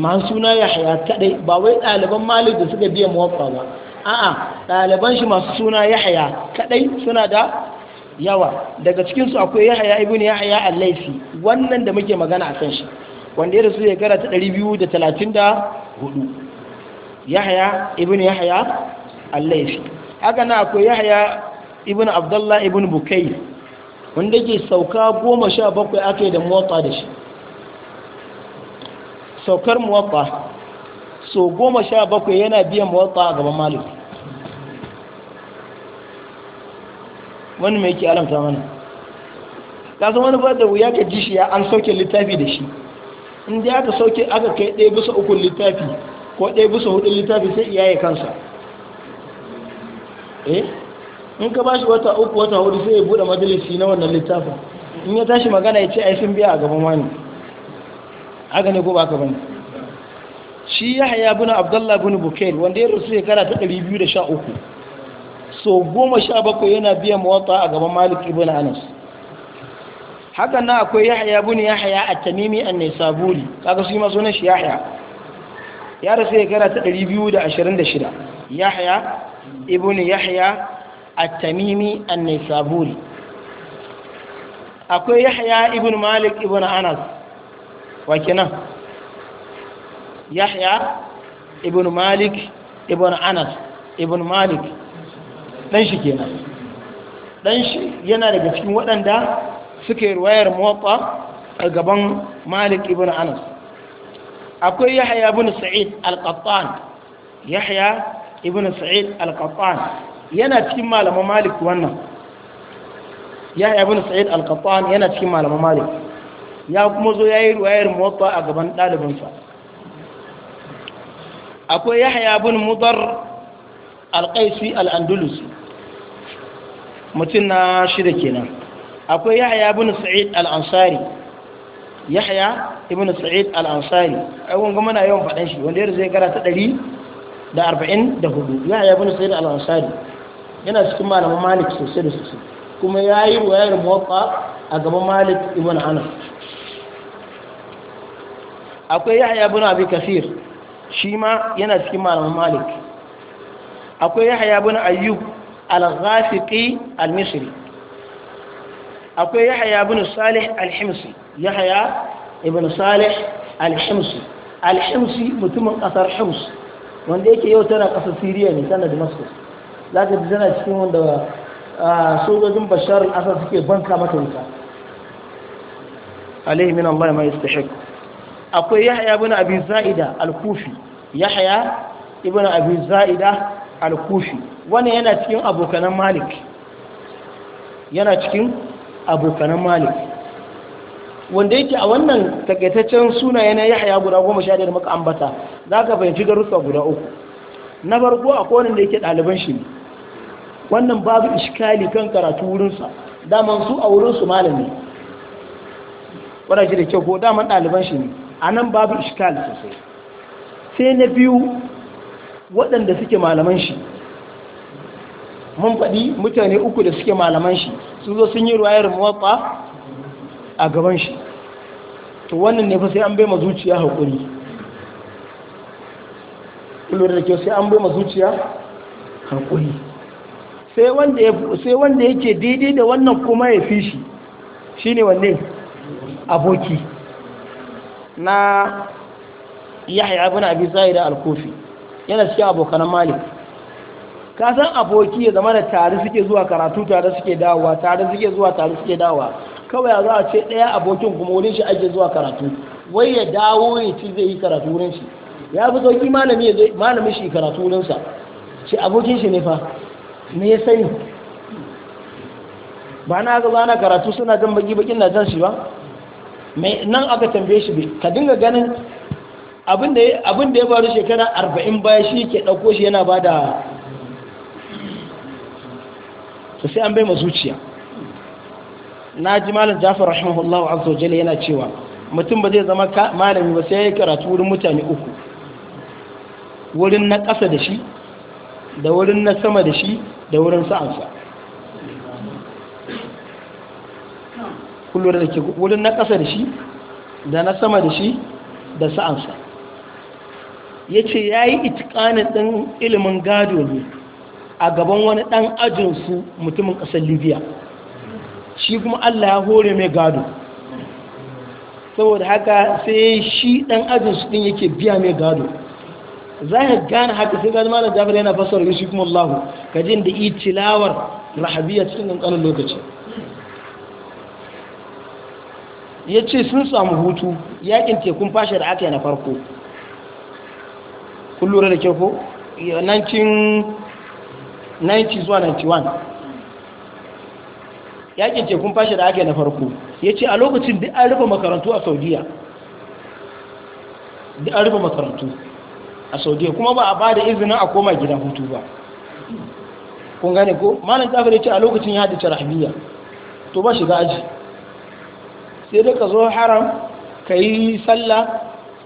masu suna yahya kadai ba wai daliban malik da suka biya muwatta ba a'a ɗaliban shi masu suna yahaya kadai suna da yawa daga cikinsu akwai yahaya ne yahaya al-laifi wannan da muke magana a kan shi wanda ya rasu shekara ta 234 yahaya ne yahaya al-laifi haka na akwai yahaya na abdullah ibu bukai wanda ke sauka goma sha bakwai ake da muwaƙa da shi saukar muwaƙa so goma sha bakwai yana biyan mawatsa a gaban malik wani mai ke alamta mana kasan wani ba da wuya ka ji shi ya an sauke littafi da shi inda aka sauke aka kai ɗaya bisa uku littafi ko ɗaya bisa hudun littafi sai iyaye kansa eh in ka ba shi wata uku wata hudu sai ya buɗe majalisi na wannan littafin in ya tashi magana ya ce ai sun biya a gaban wani haka ne ko ba ka bane shi haya bin abdullah bin bukair wanda ya rasu shekara ta 213 so bakwai yana biyan mawata a gaban malik ibn anas hakan na akwai haya bin Yahaya a tamimi an saburi kaga su maso na shi yahya ya rasu shekara ta 226 Yahaya ibn yahya a tamimi an saburi akwai yahya ibn malik ibn anas wakinan yahya ibn malik ibn anas ibn malik dan shi kenan dan shi yana daga cikin waɗanda suke ruwayar muwatta a gaban malik ibn anas akwai yahya ibn sa'id al-qattan yahya ibn sa'id al-qattan yana cikin malaman malik wannan yahya ibn sa'id al-qattan yana cikin malaman malik ya kuma zo yayi ruwayar muwatta a gaban ɗalibinsa akwai yahya bin mudar alƙaisi al'andulus mutum na shida kenan akwai yahya bin sa'id al'ansari yahya ibn sa'id al'ansari ayyukan gama na yawan faɗin shi wanda yadda zai gara ta ɗari da arba'in da hudu yahya bin sa'id al'ansari yana cikin malamin malik sosai da sosai kuma ya yi wayar motsa a gaban malik ibn anas akwai yahya bin abi kasir shi ma yana cikin malamin malik akwai yahya bin ayyub al-ghafiqi al-misri akwai yahya bin salih al-himsi yahya ibn salih al-himsi al-himsi mutumin kasar hims wanda yake yau tana kasar siriya ne tana damascus za ka ji tana cikin wanda sojojin bashar al-assad suke banka mata wuta alaihi min allah ma yastahiq akwai yahya bin abi zaida al-kufi yahya ibn abi za'ida al-kufi wani yana cikin abokanan malik yana cikin abokanan malik wanda yake a wannan takaitaccen suna yana yahya guda goma sha da muka ambata za ka fahimci garussa guda uku na farko a kowane da yake daliban shi ne wannan babu iskali kan karatu wurinsa dama su a wurinsu malami wadda shi da kyau ko dama daliban shi ne anan babu iskali sosai sai na biyu waɗanda suke malaman shi mun faɗi mutane uku da suke malaman shi su zo sun yi ruwayar muwaɓa a gaban shi to wannan ne fa sai an bai ma zuciya haƙuri ƙulur da ke sai an bai ma zuciya haƙuri sai wanda yake daidai da wannan kuma ya fi shi shi ne wanne aboki na yahya ibn abi sa'id al-kufi yana cikin abokan malik ka san aboki ya zama da tare suke zuwa karatu tare suke dawowa tare suke zuwa tare suke dawowa kawai za a ce ɗaya abokin kuma wurin shi ake zuwa karatu wai ya dawo ya ci zai yi karatu wurin shi ya fi sauki malami ya zai malami shi karatu wurin sa shi abokin shi ne fa me ya sani ba na ga zana karatu suna jan baki bakin na jan shi ba nan aka tambaye shi ka dinga ganin abin da ya faru shekara arba'in baya shi ke ɗauko shi yana ba da sai an bai ma zuciya na ji malam jafar rahimahullahu azza jalla yana cewa mutum ba zai zama malami ba sai ya karatu wurin mutane uku wurin na ƙasa da shi da wurin na sama da shi da wurin sa'ansa kullum da ke wurin na ƙasa da shi da na sama da shi da sa'ansa ya ce ya yi itikanin ɗan ilimin gado ne a gaban wani ɗan ajinsu mutumin ƙasar libya shi kuma allah ya hore mai gado saboda haka sai shi ɗan ajinsu ɗin yake biya mai gado za ka gane haka sai gani malar jafar yana fasar shi kuma allahu ka da yi rahabiya cikin ƙanƙanin lokaci ya ce sun samu hutu yakin tekun fashe da aka yi na farko kun lura da ke ko 1990 zuwa 91 yakin tekun fashe da ake na farko ya ce a lokacin da an rufe makarantu a saudiya da an rufe makarantu a saudiya kuma ba a ba da izinin a koma gida hutu ba kun gane ko malin kafir ya ce a lokacin ya hadice rahimiyya to ba shiga aji sai dai ka zo haram ka yi sallah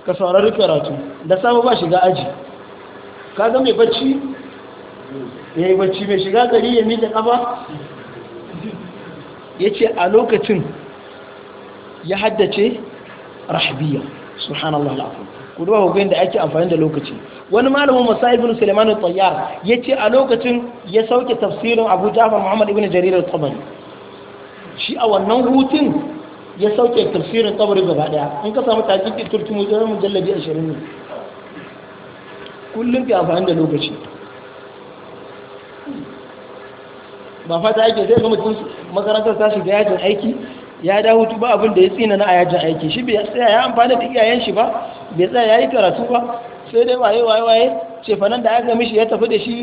ka saurari karatu da samu ba shiga aji ka ga mai bacci ya yi bacci mai shiga gari ya miƙa ƙafa ya ce a lokacin ya haddace rahabiya subhanallah al'afin ku duba hukun da ake amfani da lokaci wani malamin musa ibn suleiman tayyar ya ce a lokacin ya sauke tafsirin abu jafar muhammad ibn jarir al-tabari shi a wannan hutun ya sauke tafsirin tabari gaba daya in ka samu tajikin turki mujallabi 20 ne kullum ka amfani da lokaci ba fata yake sai zama mutum makarantar ta shiga yajin aiki ya da hutu ba abin da ya tsina na a yajin aiki shi bai tsaya ya amfani da iyayen shi ba bai tsaya ya yi karatu ba sai dai waye waye waye ce fanan da aka mishi ya tafi da shi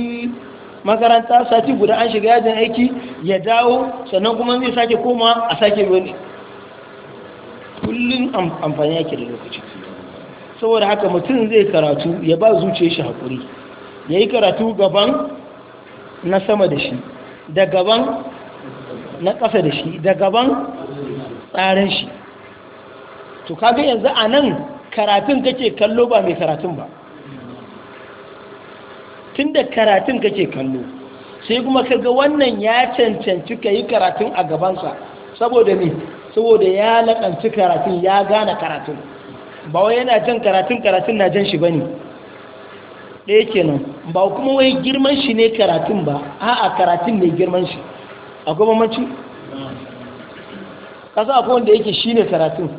makaranta sati guda an shiga yajin aiki ya dawo sannan kuma zai sake koma a sake wani kullum amfani yake da lokaci saboda haka mutum zai karatu ya ba zuce shi haƙuri ya yi karatu gaban na sama da shi da gaban na ƙasa da shi da gaban tsarin shi to kaga yanzu a nan karatun kake kallo ba mai karatun ba tun da karatun kake kallo sai kuma kaga wannan ya cancanci ka yi karatun a gabansa saboda ne saboda ya laƙanci karatun ya gane karatun ba wai yana jan karatun karatun na jan shi ba ne ɗaya kenan ba kuma wai girman shi ne karatun ba a'a karatun ne girman shi A akwai bambanci kasa akwai wanda yake shi ne karatun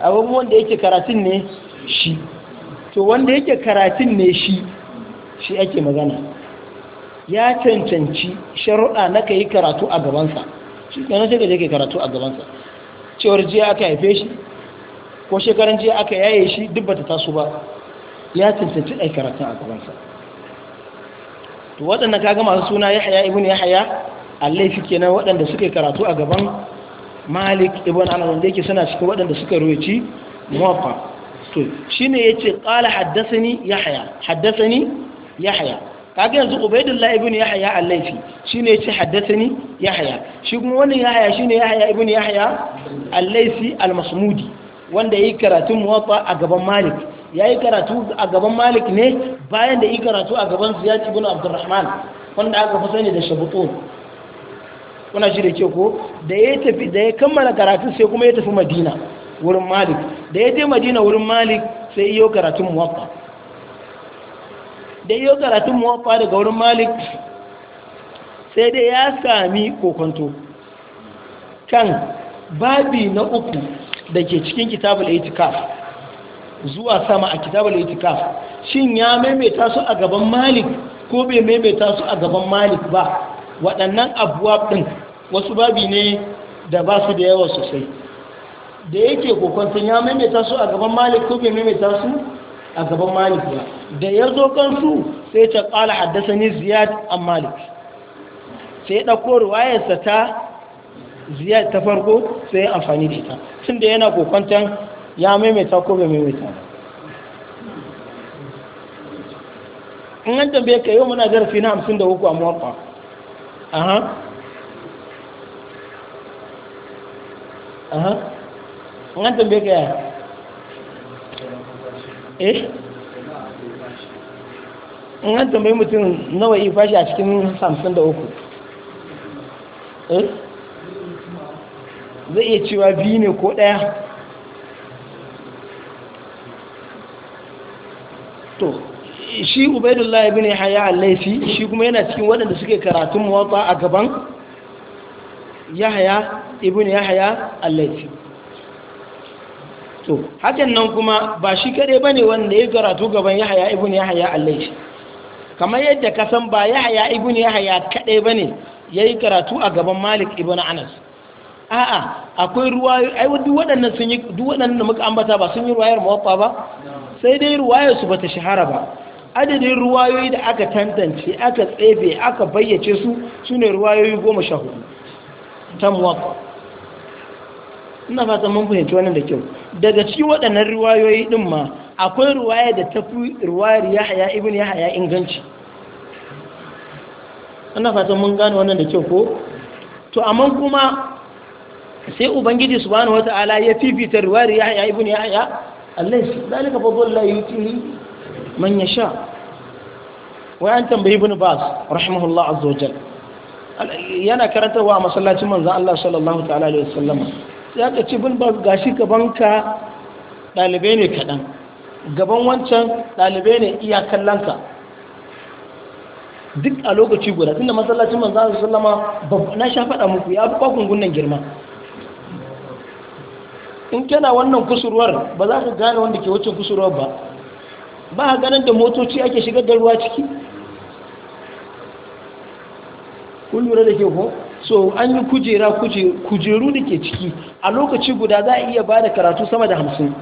akwai wanda yake karatun ne shi to wanda yake karatun ne shi shi ake magana ya cancanci sharuɗa na ka yi karatu a gabansa shi na sai ka je karatu a gabansa cewar jiya aka haife shi ko shekaran jiya aka yaye shi duk bata taso ba ya tantance ɗai karatun a gabansa to waɗanda kaga masu suna yahaya ibn yahaya allaifi kenan waɗanda suke karatu a gaban malik ibn anas wanda yake suna cikin waɗanda suka ruwaci muwaffa to shine yace qala haddathani yahya haddathani yahya kaga yanzu Ubaydullah ibn yahya Allah laifi shine yace haddathani yahya shi kuma wannan yahya shine yahya ibn yahya Allah laifi al-masmudi wanda ya yi karatu muwatta a gaban malik ya yi karatu a gaban malik ne bayan da yi karatu a gaban ziyad ibn abdurrahman wanda aka fi sani da shabutun kuna shi da ke ko da ya tafi da ya kammala karatu sai kuma ya tafi madina wurin malik da ya je madina wurin malik sai yi karatu muwatta da yi karatu muwatta daga wurin malik sai dai ya sami kokonto kan babi na uku da ke cikin kitabul itikaf zuwa sama a kitabul itikaf shin ya maimaita su a gaban malik ko bai maimaita su a gaban malik ba waɗannan abuwa ɗin wasu babi ne da ba su da yawa sosai da yake kokonton ya maimaita su a gaban malik ko bai maimaita su a gaban malik ba da ya zo kansu sai ta ƙala haddasa ni ziyad an malik sai ɗauko ruwayarsa ta ziyar ta farko sai amfani da ita tun da yana kokwantan ya maimaita ko bai maimaita in an tambaye ka yau muna darasi na hamsin da uku a mawaƙa aha aha in an tambaye ka yaya eh in an tambaye mutum nawa ifashi a cikin hamsin da uku eh zai iya cewa biyu ne ko ɗaya to shi ubaidullah ibn haya al-laifi shi kuma yana cikin waɗanda suke karatun muwatta a gaban Yahaya ibn Yahaya al-laifi to hakan nan kuma ba shi kare bane wanda ya karatu gaban Yahaya ibn Yahaya al-laifi kamar yadda ka san ba Yahaya ibn Yahaya kade bane yayi karatu a gaban malik ibn anas a'a akwai ruwa ai duk waɗannan sun yi duk waɗannan muka ambata ba sun yi ruwayar mawaffa ba sai dai ruwayar su bata shahara ba adadin ruwayoyi da aka tantance aka tsebe aka bayyace su sune ruwayoyi goma ta muwaffa ina fatan mun fahimci wannan da kyau daga cikin waɗannan ruwayoyi din ma akwai ruwaya da tafi ruwayar Yahaya ibn Yahaya inganci ina fatan mun gane wannan da kyau ko to amma kuma sai ubangiji subhanahu wata'ala ya fifita riwayar yahya ibn yahya allahi zalika fadlul la yutihi man yasha wa an tambayi ibn bas rahimahullah azza wajal yana karantarwa a masallacin manzon Allah sallallahu ta'ala alaihi wasallam sai aka ce ibn bas gashi ka banka dalibai ne kadan gaban wancan dalibai ne iya kallanka, duk a lokaci guda tunda masallacin manzon Allah sallama na sha faɗa muku ya fi bakun gunnan girma in kana wannan kusurwar ba za ka gane wanda ke wacce kusurwar ba ba a ganin da motoci ake shigar da ruwa ciki kun lura da ke ko so an yi kujera kujeru da ke ciki a lokaci guda za a iya ba da karatu sama da hamsin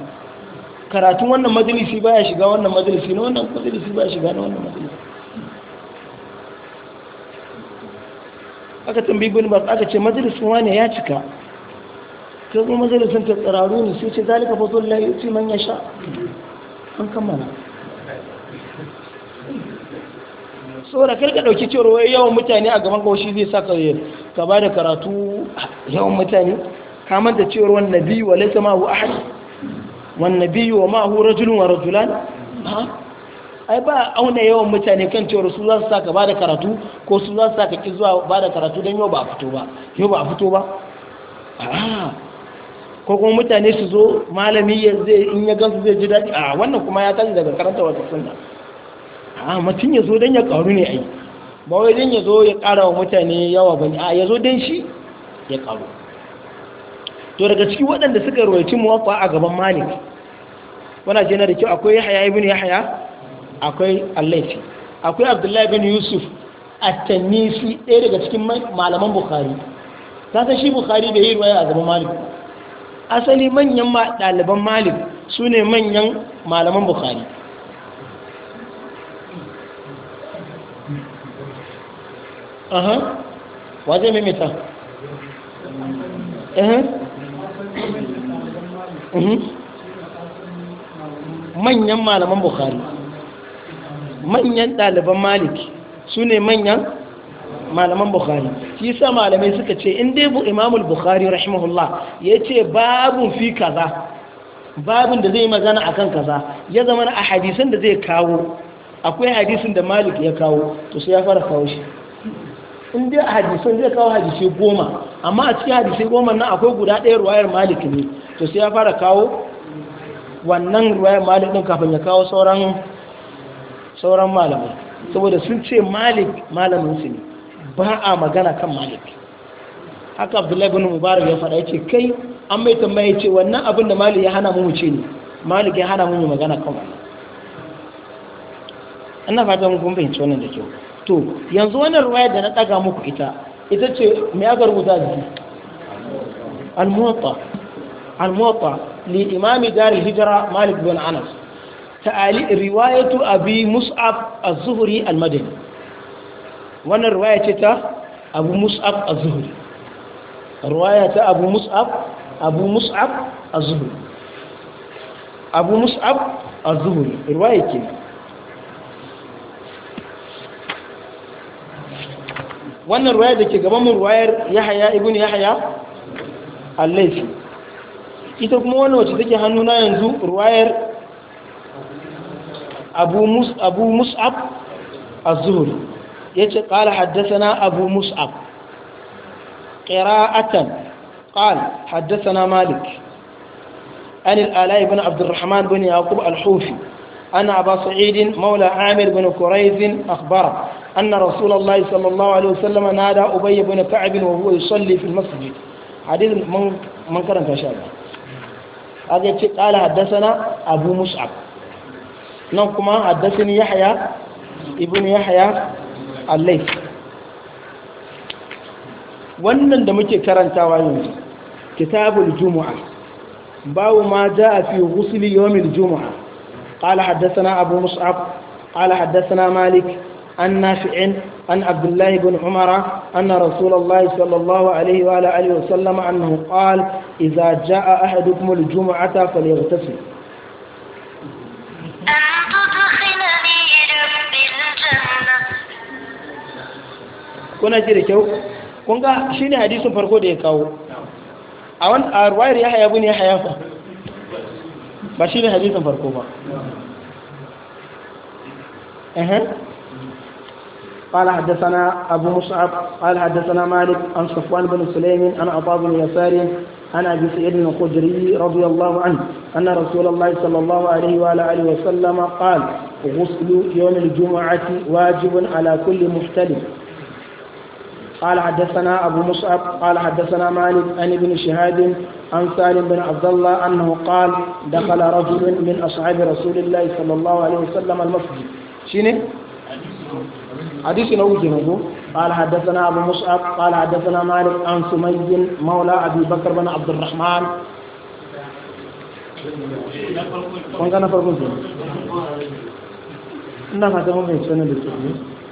karatun wannan majalisi ya shiga wannan majalisi na wannan majalisi ya shiga na wannan majalisi aka tambayi bin ba aka ce majalisi wani ya cika ka zo majalisun ta tsararru ne sai ce zalika fasul la yuti man yasha an kammala saboda kar ka dauki cewar wai yawan mutane a gaban gaushi zai saka ka ba da karatu yawan mutane ka manta cewar wan nabi wa laysa ma hu ahad wan nabi wa ma hu rajulun wa rajulan ai ba auna yawan mutane kan cewar su za su saka ba da karatu ko su za su saka ki zuwa ba da karatu don yau ba a fito ba yau ba a fito ba a'a ko kuma mutane su zo malami ya zai in ya gansu zai ji daɗi a wannan kuma ya tashi daga karanta wata sunna a mutum ya zo don ya ƙaru ne ai ba wai don ya zo ya ƙara wa mutane yawa ba a ya zo don shi ya ƙaru to daga ciki waɗanda suka rawaci muwaƙwa a gaban malik wana jina da kyau akwai yahaya ibn yahaya akwai allaifi akwai abdullahi bin yusuf at-tanisi ɗaya daga cikin malaman bukhari ta san shi bukhari bai yi ruwaya a gaban malik asali manyan ɗaliban malik su ne manyan malaman bukari aha waje mai mita aha manyan malaman bukari manyan ɗaliban malik su ne manyan malaman bukari shi sa malamai suka ce in dai bu imamul bukhari rahimahullah ya ce babun fi kaza babun da zai magana a kan kaza ya zama a hadisan da zai kawo akwai hadisun da malik ya kawo to sai ya fara kawo shi in dai a hadisan zai kawo hadisai goma amma a cikin hadisai goma nan akwai guda ɗaya ruwayar malik ne to sai ya fara kawo wannan ruwayar malik ɗin kafin ya kawo sauran sauran malamai saboda sun ce malik malamin su ne ba a magana kan malik haka abdullahi bin mubarak ya faɗa yake kai an mai tambaye ce wannan abin da malik ya hana mu ce ne malik ya hana mu magana kan wani ina fata mun fahimci wannan da kyau to yanzu wannan ruwaya da na daga muku ita ita ce me ya rubuta da al-muwatta al-muwatta li imam dar hijra malik bin anas ta'ali riwayatu abi mus'ab az-zuhri al-madani wannan ruwaya ce ta abu mus'ab a zuhri ruwaya ta abu mus'ab abu mus'ab a zuhri abu mus'ab a zuhri ruwaya ke wannan ruwaya da ke gaban mu ruwayar yahaya ibn yahaya al-laythi ita kuma wannan wacce take hannuna yanzu ruwayar abu mus'ab az-zuhri yace qala haddathana abu mus'ab qira'atan qala haddathana malik an al-ala'i ibn abd al-rahman ibn yaqub al-hufi anna aba sa'id mawla amir ibn quraiz akhbara anna rasul allah sallallahu alayhi wa sallam nada ubay ibn ka'b wa huwa yusalli fi al-masjid man karanta sha Allah aga yace qala haddathana abu mus'ab nan kuma haddathani yahya ibn yahya allai wannan da muke karantawa yanzu kitabul juma'a babu ma jaa fi ghusli yawmil juma'a qala haddathana abu mus'ab qala haddathana malik an nafi'in an abdullah ibn umara anna rasulullah sallallahu alaihi wa ala alihi wa sallam annahu qala idza jaa ahadukum al jum'ata falyaghtasil kuna ji da kyau kun ga shine hadisin farko da ya kawo a wani a ruwayar ya haya bune ya haya fa ba shine hadisin farko ba قال حدثنا أبو مصعب قال حدثنا مالك عن صفوان بن سليم عن عطاء بن يسار عن أبي سعيد الخدري رضي الله عنه أن رسول الله صلى الله عليه وعلى آله وسلم قال غسل يوم الجمعة واجب على كل محتلم قال حدثنا أبو مصعب قال حدثنا مالك عن ابن شهاب عن سالم بن عبد الله أنه قال دخل رجل من أصحاب رسول الله صلى الله عليه وسلم المسجد شنو؟ حديث نوجه نبو قال حدثنا أبو مصعب قال حدثنا مالك عن سمي مولى أبي بكر بن عبد الرحمن kun gana farkon su ina fata mafi sanar da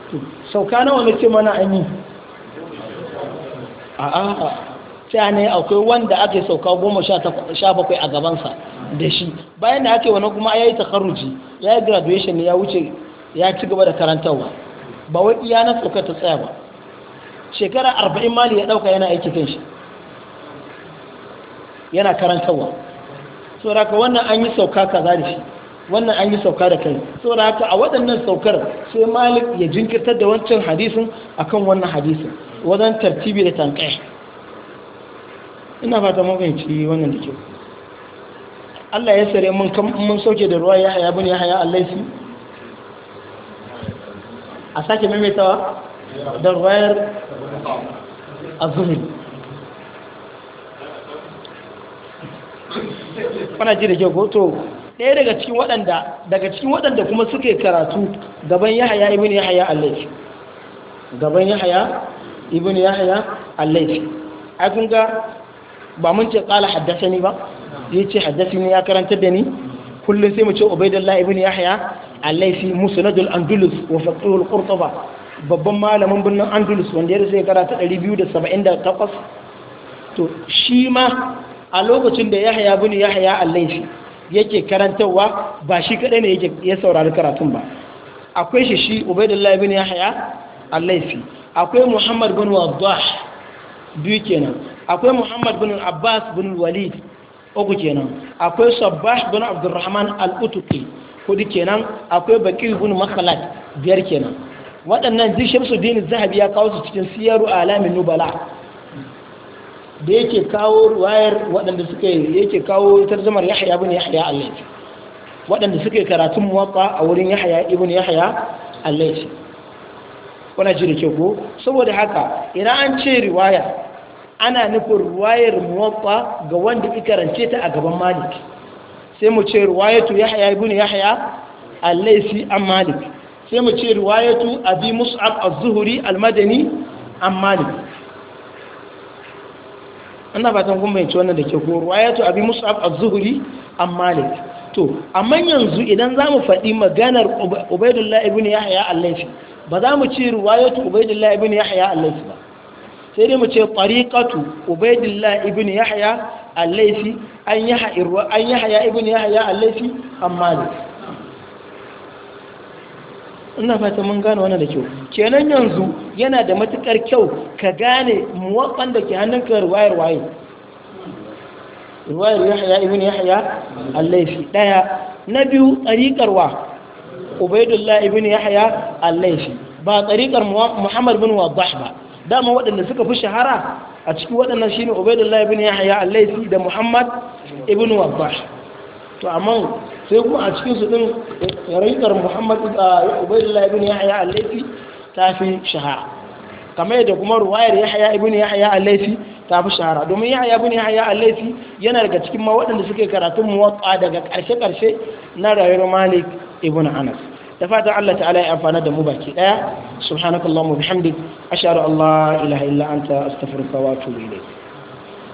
su sauka nawa na ce mana an yi a'a sai ne akwai wanda ake sauka goma sha bakwai a gabansa da shi bayan da ake wani kuma ya yi takarruci ya yi graduation ya wuce ya ci gaba da karantarwa ba wai iya na saukar ta tsaya ba shekara arba'in mali ya ɗauka yana aiki kan shi yana karantarwa sauraka wannan an yi sauka kaza da shi wannan an yi sauka da kai saboda haka a waɗannan saukar sai malik ya jinkirtar da wancan hadisin akan wannan hadisin wajen tartibi da tankai ina fata maganci wannan da kyau Allah ya sare mun mun sauke da ruwa ya haya bin ya haya allaisi a sake maimaitawa da ruwayar azumi kuna ji da kyau to ɗaya daga cikin waɗanda daga cikin waɗanda kuma suke karatu gaban ya haya ibn ya haya allaisi gaban ya haya ibn yahya al layth akunga ba mun ce qala haddathani ba yace haddathani ya karanta da ni kullun sai mu ce ubaydullah ibn yahya al musnad al andalus wa al qurtuba babban malamin birnin andalus wanda ya rasa karata 278 to shi ma a lokacin da yahya ibn yahya al layth yake karantarwa ba shi kadai ne yake ya saurari karatun ba akwai shi shi ubaydullah ibn yahya al layth akwai muhammad bin waddah biyu kenan akwai muhammad bin abbas bin walid uku kenan akwai sabbah bin abdurrahman al utuki hudu kenan akwai baqi bin makhalat biyar kenan waɗannan duk dini zahabi ya kawo su cikin siyaru alamin nubala da yake kawo ruwayar waɗanda suka yi yake kawo tarjamar yahya bin yahya al waɗanda suka yi karatun muwatta a wurin yahya ibn yahya al kuna ji da kyau ko saboda haka idan an ce riwaya ana nufin riwayar muwaffa ga wanda ya karance ta a gaban malik sai mu ce riwayatu yahya ibn yahya al-laysi an malik sai mu ce riwayatu abi mus'ab az-zuhri al-madani an malik ina fatan kun bayyana wannan da ke ko riwayatu abi mus'ab az-zuhri an malik to amma yanzu idan zamu faɗi maganar ubaidullah ibn yahya al-laysi ba za mu ci ruwayatu ubaidillah ibn yahya al-laysi ba sai dai mu ce tariqatu ubaidillah ibn yahya al-laysi an yahya an yahya ibn yahya al-laysi amma ne ina fata mun gane wannan da kyau kenan yanzu yana da matukar kyau ka gane muwaffan da ke hannunka ruwayar waye ruwayar yahya ibn yahya al-laysi daya na biyu tariqar wa ubaidullah ibn yahya al-laifi ba tsarikar muhammad bin waddah ba dama waɗanda suka fi shahara a cikin wadannan shine ubaidullah ibn yahya al-laifi da muhammad ibn waddah to amma sai kuma a cikin su din tsarikar muhammad ubaidullah ibn yahya al-laifi ta fi shahara kamar da kuma ruwayar yahya ibn yahya al-laifi ta fi shahara domin yahya ibn yahya al-laifi yana daga cikin ma waɗanda suke karatun muwatta daga ƙarshe-ƙarshe na rayuwar malik ibn anas da fatan Allah ta'ala ya amfana da mu baki daya subhanakallahumma bihamdik ashhadu an la ilaha illa anta astaghfiruka wa atubu ilayk